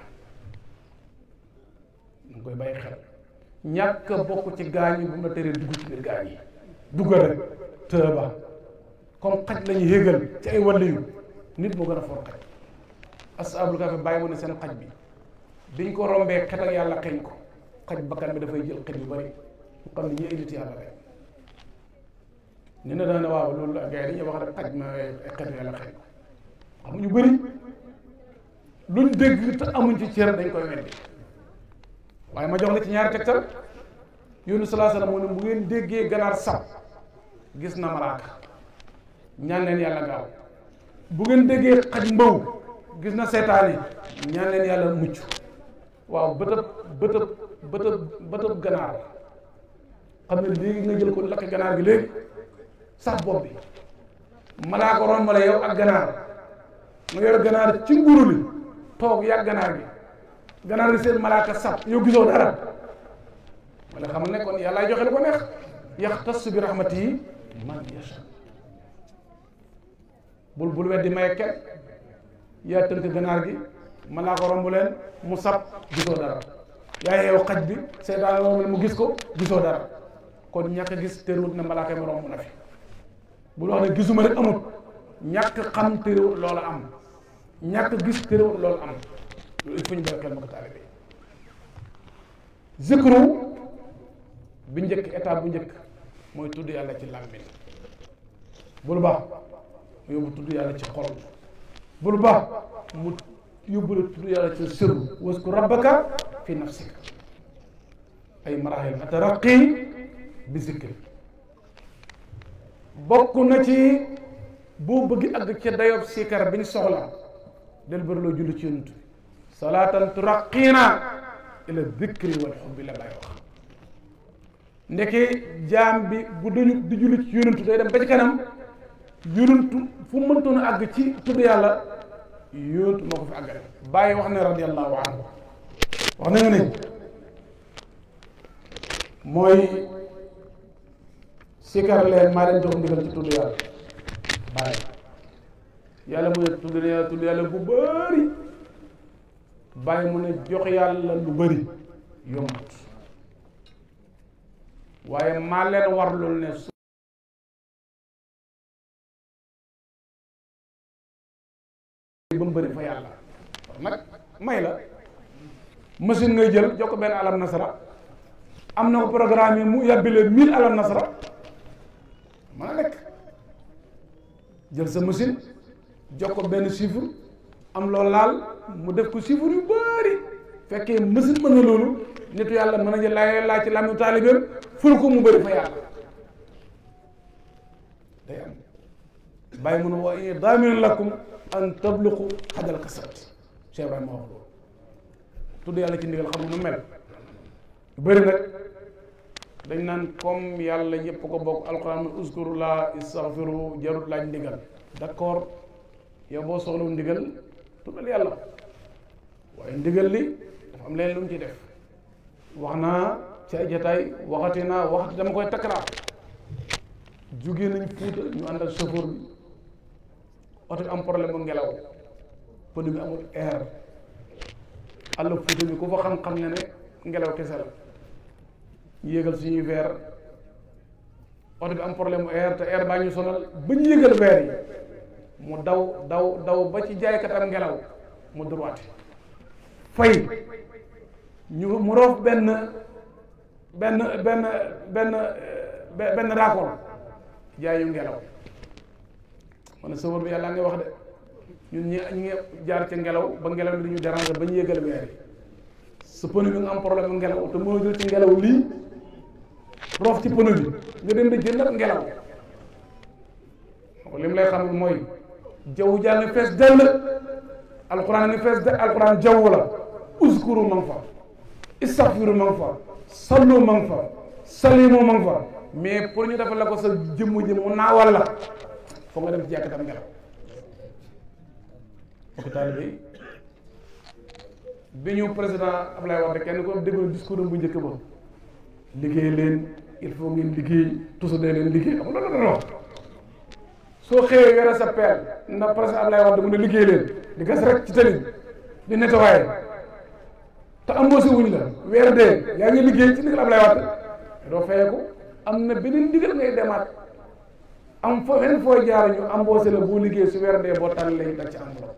mu koy bàyyi xel ñàkk bokk ci gaañu bu ma teree dugg ci biir gaañ yi dugg rek tëba comme xaj lañu yëgal ci ay wàll nit moo gën a for xaj asaabul kafe bàyyi mu ne seen xaj bi biñ ko rombee xet yàlla xeeñ ko xaj bakkan bi dafay jël xet yu bari mu xam ne ñuy nit yàlla rek ñu daana waaw loolu gars yi dañuy wax rek xaj ma xet yàlla xeeñ xam ñu bëri luñ dégg te amuñ ci cër dañ koy weddi waaye ma jox la ci ñaari tegtal yoonu salaa salaam moo ne bu déggee ganaar sab gis na malaaka ñaan leen yàlla gaaw bu ngeen déggee xaj mbaw gis na seetaani ñaan leen yàlla mucc waaw bëtëb bëtëb bëtëb bëtëb ganaar xam ne léegi nga jël ko lakk ganaar gi léegi sax bopp bi malaaka ron la yow ak ganaar mu yor ganaar ci nguru li toog yàgg ganaar gi ganaar gi seen malaaka sab yow gisoo dara wala xamul ne kon yàllaay joxe lu ko neex yaxtassu bi rahmatihi man yasha bul bul weddi may kenn yaa tënk ganaar gi malaaka romb leen mu sab gisoo dara yaa yeew xaj bi seetaan romb mu gis ko gisoo dara kon ñàkk gis teruwut na malaaka yi ma romb na fi bul wax ne gisuma rek amut ñàkk xam teruwut loola am ñàkk a gis terewul loolu am loolu il faut ñu bàyyi xel ma ko taalibe zikru bi njëkk état bu njëkk mooy tudd yàlla ci làmmiñ bul mu yóbbu tudd yàlla ci xol bul baax mu yóbbu la tudd yàlla ci sëru wasku rabbaka fi nafsika ay marahil ataraqi bi zikri bokk na ci boo bëgg ak ca dayob sikar bi ñu soxla del bërloo julli ci yonent bi salaatan turaqiina ila dikri wal xubbi la bàyyi wax ndeke jaam bi bu dañu di ci yonentu day dem ba ci kanam yonentu fu mëntoon àgg ci tudd yàlla yonentu moo ko fi àggale bàyyi wax ne radiallahu anhu wax na nga ne mooy sikar leen maa leen jox ndigal ci tudd yàlla bàyyi yàlla mu ne tudd na yàlla tudd yàlla bu bëri bàyyi mu ne jox yàlla lu bëri yombut waaye maa leen warlul ne su ba mu bëri fa yàlla may la machine ngay jël jox ko benn alam nasara am na ko programme mu yàbbile mille alam nasara mën a lekk jël sa machine jox ko benn chiffre am loolu laal mu def ko chiffre yu bari fekkee mësit mën na loolu nitu yàlla mën nañu laaj laaj ci làmmiñu taalibeem ful ko mu bëri fa yàlla day am bàyyi mun wa in daaminu lakum an tabluqu xadal kasabti wax loolu tudd yàlla ci ndigal xam nu mel bëri nag dañ naan comme yàlla ñëpp ko bokk alquran uskuru la istaghfiru jarut laaj ndigal d'accord yow boo soxlawul ndigal tuddal yàlla waaye ndigal li dafa am leen lu mu ci def wax naa ci ay waxati naa waxati dama koy takkaraat jóge nañ Fuuta ñu ànd ak chauffeur bi oto bi am problème ngelaw pënu bi amul air àll Fuuta bi ku fa xam-xam ne ne ngelaw kese la ñu yéegal suñuy verre oto bi am problème air te air baa ñu sonal ba ñu yéegal verre yi mu daw daw daw ba ci jaaykatam ngelaw mu droite fay ñu benn benn benn benn benn raakool jaayu ngelaw man ne bi yàlla ngay wax de ñun ñi ñu ngi jaar ci ngelaw ba ngelaw li ñu déranger ba ñu yëgale weer yi sa bi nga am problème ngelaw te mënoo jël ci ngelaw lii roof ci pneu bi nga dem di jëndat ngelaw lim lay xam mooy jaww jaa ngi fees dell alquran ngi fees dell alquran jaww la uskuru ma nga fa istaghfiru ma nga fa sallu ma fa salimu ma fa mais pour ñu defal la ko sa jëmm ji mu naawal la foog nga dem ci jàkkatam nga bokk taalibe bi ñu président Ablaye Wade kenn ko déglu discours bu njëkk ba liggéey leen il faut ngeen liggéey tusu dee leen liggéey am loolu la soo xëyee yore sa peel na président Abdoulaye Wade mu ne liggéey leen di gas rek ci tëli di nettoyer te embauché wuñ la weer dee yaa ngi liggéey ci ndigal Abdoulaye Wade doo fayeeku am na beneen ndigal ngay demaat am foo feneen foo jaar ñu embauché la boo liggéey su weer dee boo tànn lañu dal ci emploi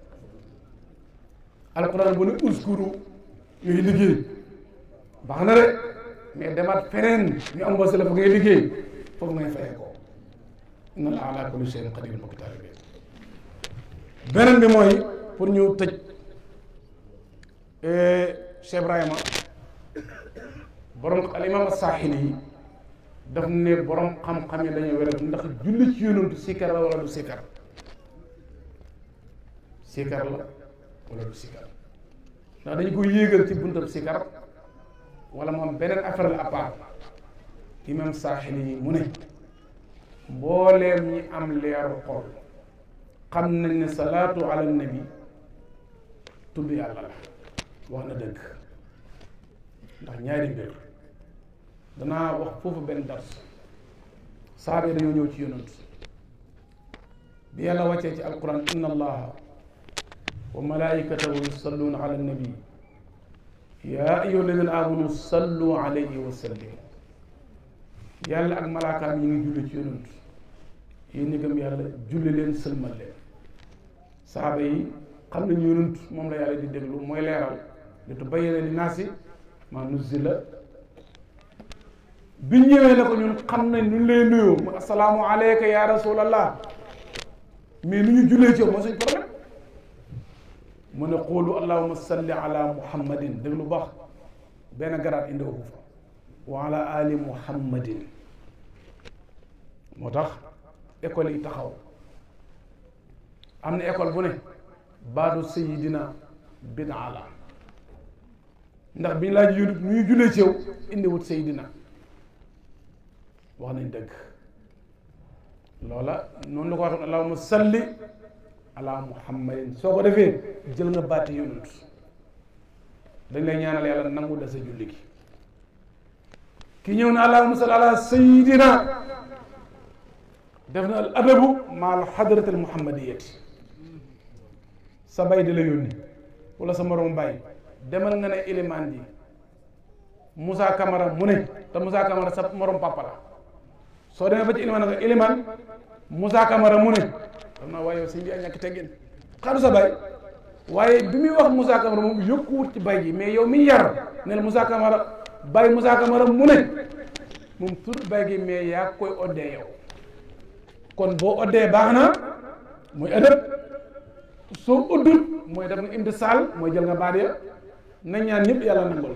alxuraan bu ne uskuru liggéey baax na rek mais demaat feneen ñu embauché la fa ngay liggéey foofu ngay fayeeku inna la ala kulli shay'in qadir mbokki taalibe beneen bi mooy pour ñëw tëj eh, Cheikh Ibrahima borom al imam as-Saaxili yi daf ne borom xam-xam yi dañuy wéral ndax julli ci yonantu sikkar la wala du sikkar sikkar la wala du sikkar ndax dañu ko yéegal ci buntab sikkar wala moom beneen affaire la à part imam Saaxili yi mu ne mbooleem ñi am leeru xol xam nañ ne salaatu ala nabi tudd yàlla la wax na dëgg ndax ñaari mbir danaa wax foofu benn dars saabee dañoo ñëw ci yonant bi yàlla wàccee ci alquran inna allaha wa malaikatahu yusalluuna ala nabi yaa ayyuha alladina amanu sallu alayhi wa sallim yàlla ak malaakaam yi ngi julli ci yonent yéen ñi yàlla julli leen sëlmal leen saaba yi xam nañu yonent moom la yàlla di déglu mooy leeral li tubayyina linnaasi maa nuzzila bi ñëwee ne ko ñun xam nañ ñu lay nuyoo mu asalaamu aleyka ya rasulallah mais nu ñu jullee ci yow moo suñ problème mu ne xoolu allahuma salli ala muhammadin déglu baax benn garaat indi fa wa ali muhammadin moo tax école yi taxaw am na école bu ne baadu sayidina bidaa la ndax biñ laaj yu ñuy jullee ci yow indiwut sayidina wax nañ dëgg loola noonu la ko waxoon allahumma salli ala muhammadin soo ko defee jël nga baati yonent dañ lay ñaanal yàlla nangu da sa julli gi ki ñëw na allahumma salli ala sayidina def na al adabu ma al xadrati al muhammadiyati sa bay di la yónni wala sa moroom bàyyi demal nga ne ilimaan ji Moussa Camara mu ne te Moussa Camara sa moroom la soo demee ba ci ilimaan nga waaye yow sëñ a ñàkk teggin xadu sa bay waaye bi muy wax Moussa Camara moom yëkkuwut ci bay ji mais yow mi yar ne la Moussa bay Moussa Camara mu ne moom tur bay gi mais yaa koy oddee yow kon boo oddee baax na mooy ëdëb soo uddul mooy def nga imtisaal mooy jël nga baat ya nañ ñaan yëpp yàlla nangul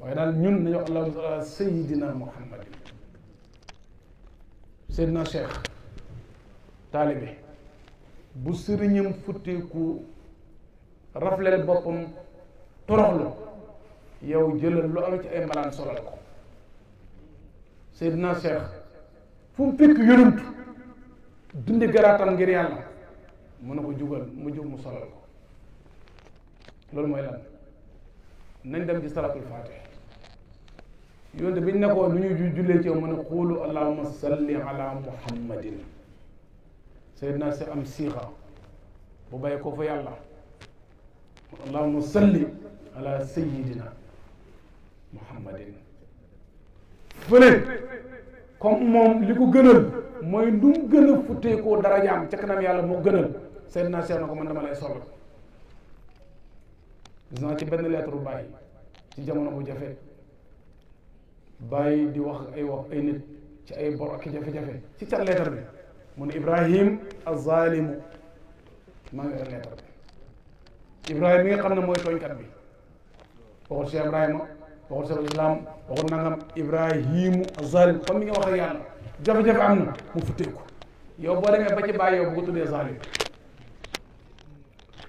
waaye daal ñun nañu allahumma salli ala sayyidina muhammadin seydina taalibe bu sëriñam futteeku rafleel boppam toroxlu yow jëlal lu am ci ay malaan solal ko seydina cheikh fu mu fekk dunde garaatam ngir yàlla mu ne ko jugal mu jug mu solal ko loolu mooy lan nañ dem ci salatul yoon yonte biñ ne ko lu ñuy jullee ci yow mu ne am siixa bu bàyyi ko fa yàlla allahuma salli ala sayyidina muhammadin fële comme moom li ko gënal mooy lu mu gën a futteekoo dara ñaam ca kanam yàlla moo gënal seen naa seer na ko man dama lay sol gis naa ci benn lettre bàyyi ci jamono bu jafe bàyyi di wax ay wax ay nit ci ay bor jafe-jafe ci cat lettre bi mu ne Ibrahim azalimu maa ngi yor lettre bi Ibrahim nga xam ne mooy tooñkat bi waxul Cheikh Ibrahima waxul sabal islaam waxul nangam ibrahimu zalim comme mi nga wax ak jafe-jafe am mu futteeku yow boo demee ba ci bàyyi yow bu ko tuddee zalim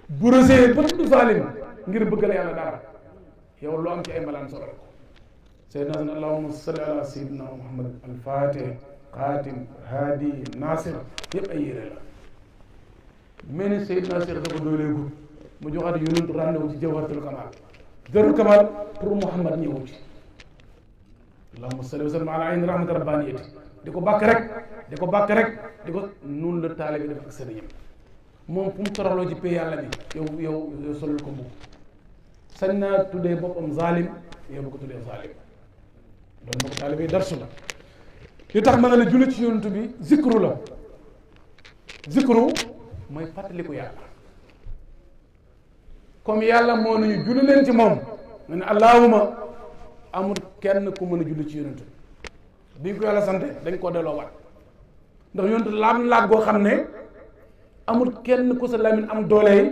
bu rësee ba zalim ngir bëgg la yàlla dara yow loo ay mbalaan solo ko seydina allahumma salli ala sayyidina muhammad alfatih xaatim haadi nasir yëpp ay yére la mel ni sayyid nasir mu joxaat yonent rendez-vous ci jawharatul darul kamal pour Muhammad ñëwu ci allahumma salli wa di ko bàkk di ko bàkk rek di ko noonu la taale bi def ak yàlla bi yow yow yow solul ko mbubb boppam zalim yow bu ko tax ma ne la julli ci yonent bi zikru la zikru mooy fàttaliku yàlla comme yàlla moo nañu julli leen ci moom nga ne allahuma amul kenn ku mën a julli ci yonent bi ko yàlla sante dañ koo delloo waat ndax yonent laam laaj goo xam ne amut kenn ku sa lamin am doole yi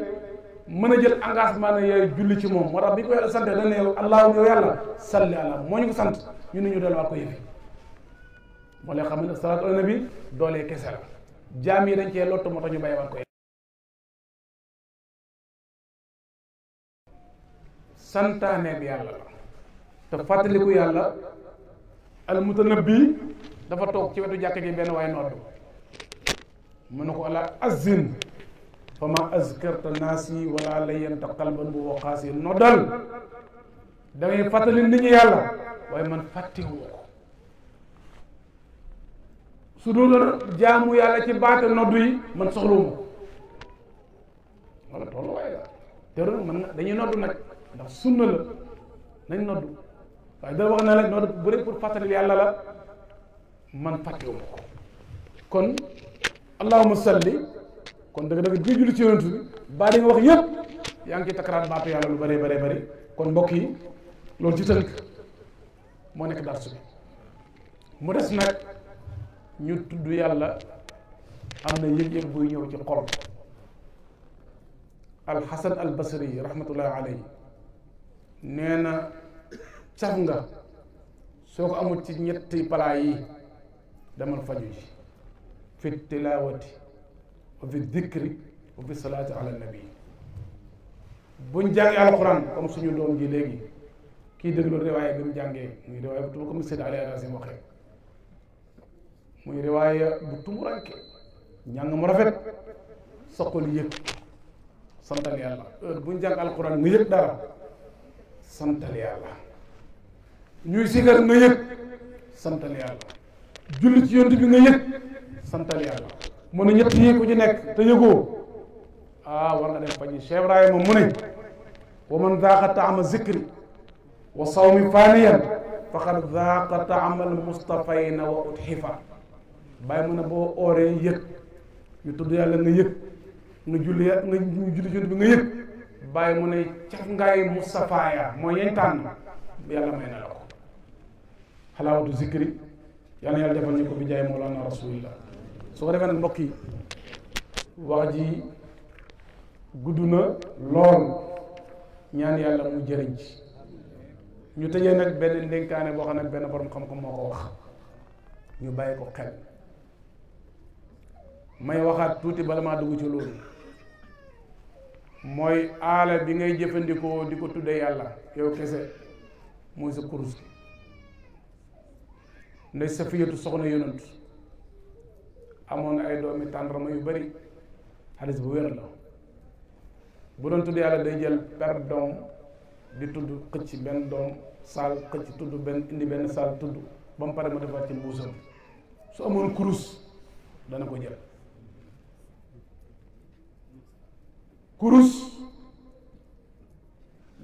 mën a jël engagement ne yaay julli ci moom moo tax bi ko yàlla sante dañ ne yow allahuma yow yàlla salli ala moo ñu ko sant ñu ne ñu delluwaat ko yëfi moo lay xam ne salaatu ala nabi doole kese la jaam yi dañ cee lottu moo tax ñu bàyyiwaat ko santaaneem yàlla la te fàttaliku yàlla almutanabbi dafa toog ci wetu jàkk gi benn waaye noddu mu ne ko ala azin fa ma azkarta naasi wala layanta qalban bu waqaasi noddal da fàttali nit ñi yàlla waaye man fàttiwu ko su dul jaamu yàlla ci baata noddu yi man soxluwuma wala tolluwaay la te doon mën na dañuy noddu nag ndax sunna la nañ noddu waaye dara wax na la noddu bu rek pour fàttali yàlla la man fàttewuma ko kon allahuma salli kon dëgg dëgg bi julli ci yonent bi baa di nga wax yëpp yaa ngi ciy takkaraat baatu yàlla lu bare bëree bëri kon mbokk yi loolu ci tënk moo nekk darsu bi mu des nag ñu tudd yàlla am na yëg-yëg buy ñëw ci xol alxasan albasri rahmatullahi alayhi nee na caf nga soo ko amul ci ñetti palaa yi demal faju ji fi tilaawati wa fi dikri wa fi salaati ala nabi buñ jàngee alquran comme suñu doom ji léegi kii déglu riwaaya bi mu jàngee muy riwaaya bu tudd comme Seydi Ali Rasim waxee muy riwaaya bu tumuranke njàng mu rafet yëg dara santal yàlla ñuy sigar nga yëg santal julli ci yonent bi nga yëg santal yàlla mu ñett yi ku ci nekk te yëgoo ah war nga dem fañi Cheikh Ibrahima mu ne wa man daaqa taama zikri wa sawmi faaniyan faqad daaqa taama al mustafayna wa utxifa bàyyi mu ne boo ooree yëg ñu tudd yàlla nga yëg nga julli nga julli ci yonent bi nga yëg bàyyi mu ne caf ngaay Moustapha ya mooy yañ tànn yàlla may na la ko xalaawatu zikri yàlla yàlla defal ñu ko bi jaay Mawlana rasulillah su ko defee nag mbokk yi wax ji gudd na lool ñaan yàlla mu jëriñ ci ñu tëjee nag benn ndénkaane boo xam ne benn borom xam-xam moo ko wax ñu bàyyi ko xel may waxaat tuuti bala maa dugg ci loolu mooy aala bi ngay jëfandikoo di ko tudde yàlla yow kese mooy sa kurus nday safiyatu soxna yonant amoon ay doomi tàndarma yu bari xadis bu wér la bu doon tuddee yàlla day jël per doom di tudd xëcc benn doom saal xëcc tudd benn indi benn saal tudd ba mu pare ma defaat ci mbuusam su amoon kurus dana ko jël kurus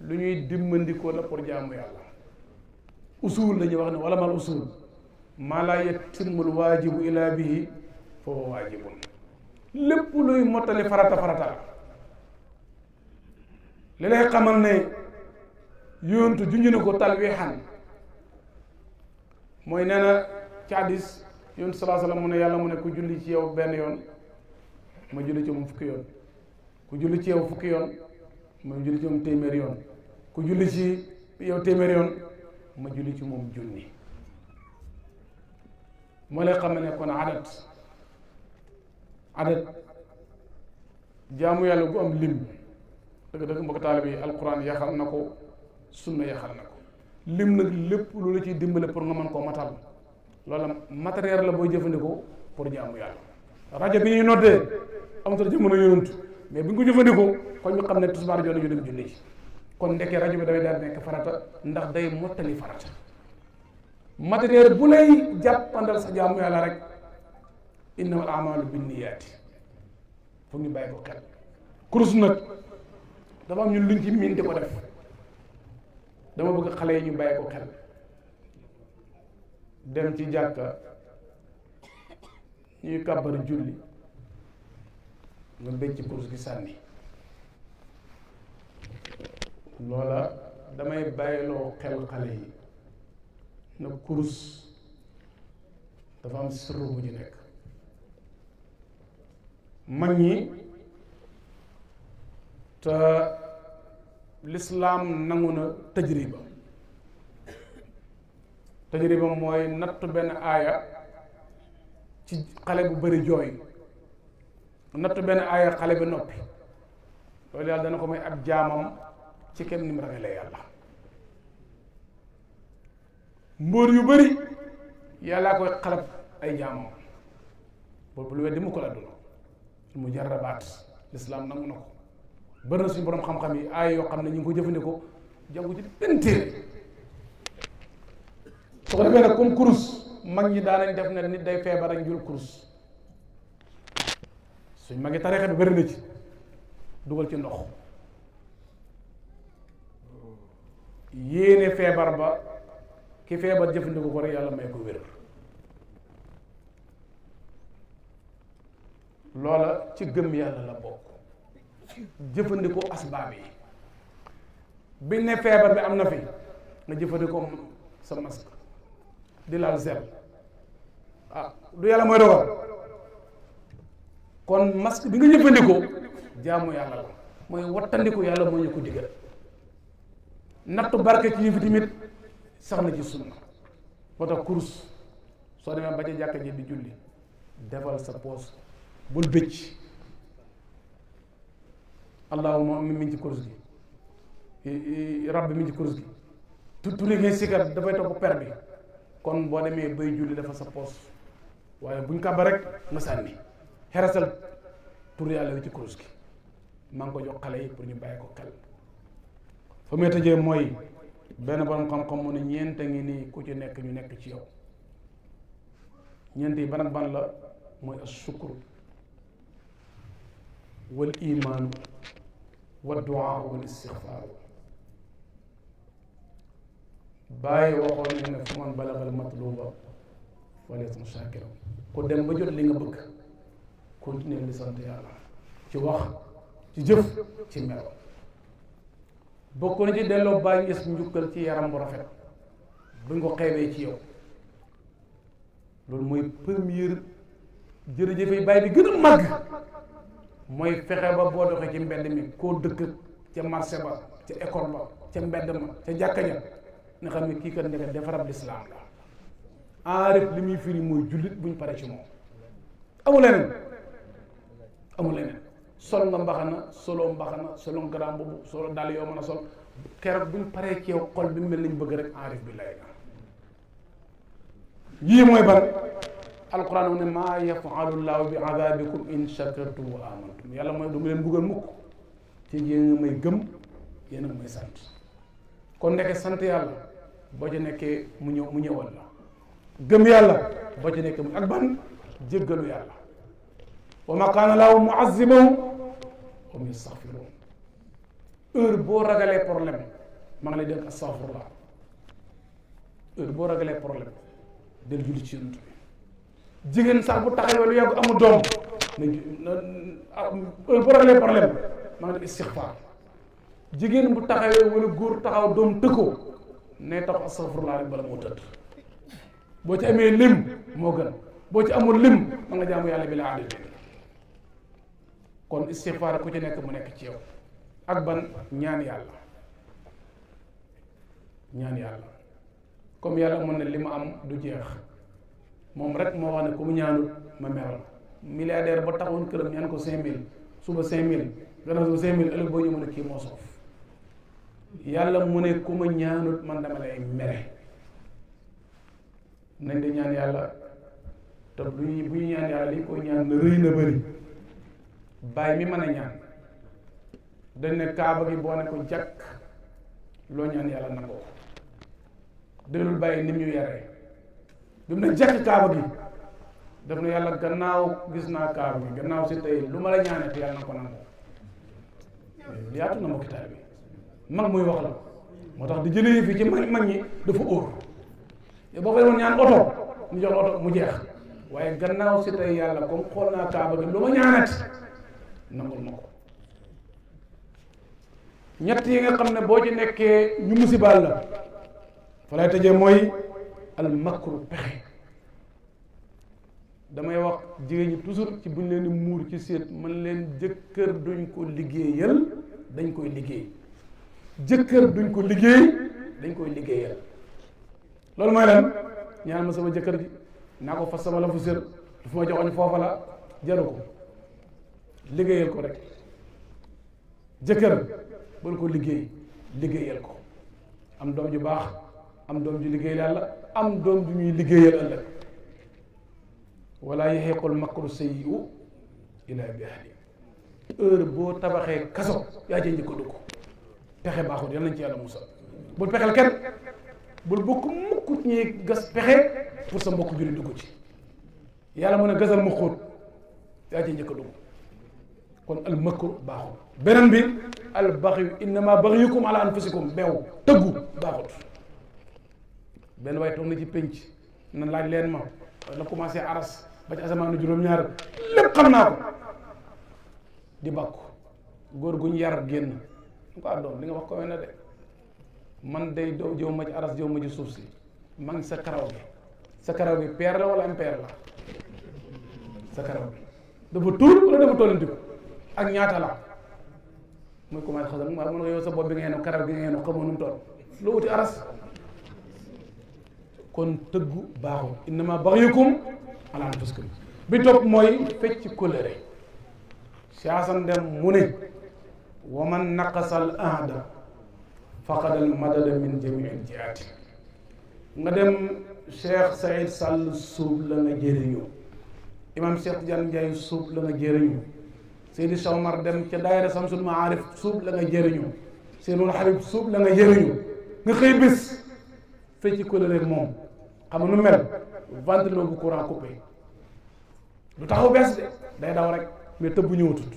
lu ñuy dimbandikoo la pour jaamu yàlla usul la wax ne wala mal usul maa laa yatimul waajibu ilaa bihi fa huwa waajibun lépp luy mottali farata farata li lay xamal ne yontu junj na ko talwiixan mooy nee na ci hadis yontu mu ne yàlla mu ne ku julli ci yow benn yoon ma julli ci moom fukki yoon ku julli ci yow fukki yoon ma julli ci moom téeméer yoon ku julli ci yow téeméer yoon ma julli ci moom junni moo lay xam ne kon adat adat jaamu yàlla gu am lim dëgg dëgg mbokk taalibe yi alquran yaxal na ko sunna yaxal na ko lim nag lépp lu la dimbale pour nga mën koo matal loola matériel la booy jëfandikoo pour jaamu yàlla rajo bi ñuy noddee amatul jamono yonantu mais bi ñu ko jëfandikoo kon ñu xam ne tisbaar jot na ñu dem julli ji kon ndekkee rajo bi damay daal nekk farata ndax day mottali farata matériel bu lay jàppandal sa jaamu yàlla rek innamal amalu binniyaati foog ñu bàyyi ko xel kurus nag dafa am ñun luñ ci miin ko def dama bëgg xale yi ñu bàyyi ko xel dem ci jàkka ñuy kàbbar julli nga bëcc kurus gi sànni loola damay bàyyiloo xel xale yi na kurus dafa am sirru bu ñu nekk mag ñi te lislaam nangu na tajriba tajriba mooy nattu benn aaya ci xale bu bari jooy natt benn aaya xale bi noppi loolu yàlla dana ko may ab jaamam ci kenn ni mu ragalee yàlla mbóor yu bari yàllaa koy xalab ay jaamam boobu bu lu weddi mu ko la dul mu lislaam nangu na ko bari na suñu borom xam-xam yi aaya yoo xam ne ñu ngi ko jëfandikoo jàngu ci benn su ko defee nag comme kurus mag ñi daanañ def ne nit day feebar ak jul kurus suñ magi tarixa bi bari na ci dugal ci ndox yéene feebar ba ki feebar jëfandikoo ko rek yàlla may ko wér loola ci gëm yàlla la bokk jëfandikoo asbaab yi bi ne feebar bi am na fi nga jëfandikoo sa masque di laal zel ah du yàlla mooy dogal kon mask bi nga jëfandikoo jaamu yàlla la mooy wattandiku yàlla moo ñu ko digal nattu barke ci yëfi tamit sax na ci sunna moo tax kurus soo demee ba ca jàkka ji di julli defal sa poos bul bëcc allahuma mi ngi ci kurus gi rab bi mi ngi ci kurus gi tuturi ngay sikkat dafay topp per bi kon boo demee bay julli dafa sa poos waaye buñ kàbba rek nga sànni xerasal tur yàlla ci kurus gi maa ngi ko jox xale yi pour ñu bàyyi ko xel fa muy tëjee mooy benn borom xam-xam mu ne ñeent a ngi nii ku ci nekk ñu nekk ci yow ñeent yi ban la mooy as-sukru wal imaanu wa duaa wal istixfaar bàyyi waxoon ne ne fu man balagal matluba falyakun shaakiran ku dem ba jot li nga bëgg continuer di sant yàlla ci wax ci jëf ci melo bokk ci delloo bàyyi ngis njukkal ci yaram bu rafet buñ ko xeebee ci yow loolu mooy première jërëjëfe bàyyi bi gën a mooy fexe ba boo doxee ci mbedd mi koo dëkk ca marché ba ca école ba ca mbedd ma ca jàkka ja nga xam ne kii kat ndeke defarab lislaam la aarif li muy firi mooy jullit buñ pare ci moom amu leneen amul leneen sol nga mbaxana solo mbaxana solo grand boobu solo dal yoo mën a sol keroog bu ñu paree ci xol bi mel nañ bëgg rek enrif bi lay yii mooy ban alquran mu ne maa yafalu llahu bi adabikum in shakartum wa amantum yàlla mooy du mu leen buggal mukk ci yéen a may gëm yéen a may sant kon ndeke sant yàlla boo ci nekkee mu ñëw mu ñëwal la gëm yàlla boo ci nekkee mu ak ban jéggalu yàlla wa ma kaana laahu muazzimahum wa hum yastaghfiruun heure boo ragalee problème maa ngi lay dégg astaghfirullah heure boo ragalee problème del julli ci yonent jigéen sax bu taxawee lu yàgg amul doom nañ heure boo ragalee maa ngi jigéen bu taxawee wala góor taxaw doom tëkkoo ne tax astaghfirullah rek bala moo tëdd boo ci amee lim moo gën boo ci amul lim ma nga jaamu yàlla bi la aadil kon istifaar ku ci nekk mu nekk ci yow ak ban ñaan yàlla ñaan yàlla comme yàlla mën na li ma am du jeex moom rek moo wax ne ku mu ñaanul ma meral milliardaire ba taxawuñ këram ñaan ko cinq suba cinq mille gannaaw suba cinq boo ñu mën a kii moo soof yàlla mu ne ku ma ñaanut man dama lay mere nañ di ñaan yàlla te bu ñu bu ñu ñaan yàlla li ko ñaan na rëy na bëri bàyyi mi mën a ñaan dañ ne kaaba gi boo ne ko jàkk loo ñaan yàlla nangoo déglul bàyyi ni mu ñu yaree bi mu ne jàkk kaaba gi daf ne yàlla gannaaw gis naa kaaba gi gannaaw si tey lu ma la ñaanee yàlla na ko nangoo eh, yaatu na ma kitaab bi mag muy wax la moo tax di jëlee fii ci mag mag ñi dafa óor boo fa demoon ñaan oto ñu jox oto mu jeex waaye gannaaw si tey yàlla comme xool naa kaaba gi lu ma ñaanati nangul ma ko ñett yi nga xam ne boo ci nekkee ñu musibaal la fa lay tëjee mooy al makru pexe damay wax jigéen ñi toujours ci buñ leen di muur ci seet man leen jëkkër duñ ko liggéeyal dañ koy liggéey jëkkër duñ ko liggéey dañ koy liggéeyal loolu mooy lan ñaan ma sama jëkkër ji naa ko fas sama la fu sér fu ma joxoñ foofa la jaru ko liggéeyal ko rek jëkkër bul ko liggéey liggéeyal ko am doom ju baax am doom ju liggéeyal yàlla am doom ju ñuy liggéeyal ëllëg wala yahiqul makru sayyi'u illa bi ahli heure boo tabaxee kaso yaa cee njëkk dugg pexe baaxul yal nañ ci yàlla musal bul pexeel kenn bul bokk mukk ñuy gas pexe pour sa mbokk julli dugg ci yàlla mu a gasal mu xóot yaa njëkk dugg kon al makru baaxul beneen bi al baxyu innama baxyukum ala anfusikum beew tëggu baaxut benn waaye toog na ci pénc na laaj leen ma la commencé aras ba ci asamaan juróom-ñaar lépp xam naa ko di bàkku góor guñ yar génn ñu ko àddoon li nga wax ko we de man day doo jëw ma aras jëw ma suuf si maa sa karaw bi sa karaw bi peer la wala am peer la sa karaw bi dafa tuur wala dafa tollanti ko ak ñaata la muy commencé xasam waaye mun nga yow sa bopp bi nga yenu karaw gi nga yenu xamoo nu mu toll lu wuti aras kon tëggu baaxul innama baxyukum ala anfusikum bi topp mooy fecc kóllëre siyaasan dem nga dem Cheikh Saïd Sall suub la nga jëriñoo imam Cheikh Tidiane Ndiaye suub la nga jëriñoo Seydi Omar dem ca daayira Samsul Maarif suub la nga jëriñu Seydul Habib suub la nga jëriñu nga xëy bis fecci kóllëre rek moom xam nu mel ventilo bu courant coupé lu taxaw bees de day daw rek mais tëbb ñëwatut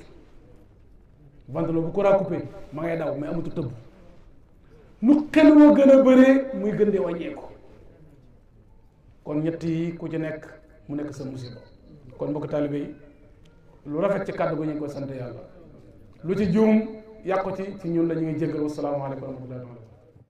ventilo bu courant coupé ma ngay daw mais amatu tëbb nu xel moo gën a bëree muy gën di wàññeeku kon ñetti yi ku ci nekk mu nekk sa musiba kon mbokk taalibe yi lu rafet ci kàddu gi ñu ngi koy sant yàlla lu ci juum yàqu ci ci ñun la ñu ngi jégal wasalaamaaleykum wa rahmatullahi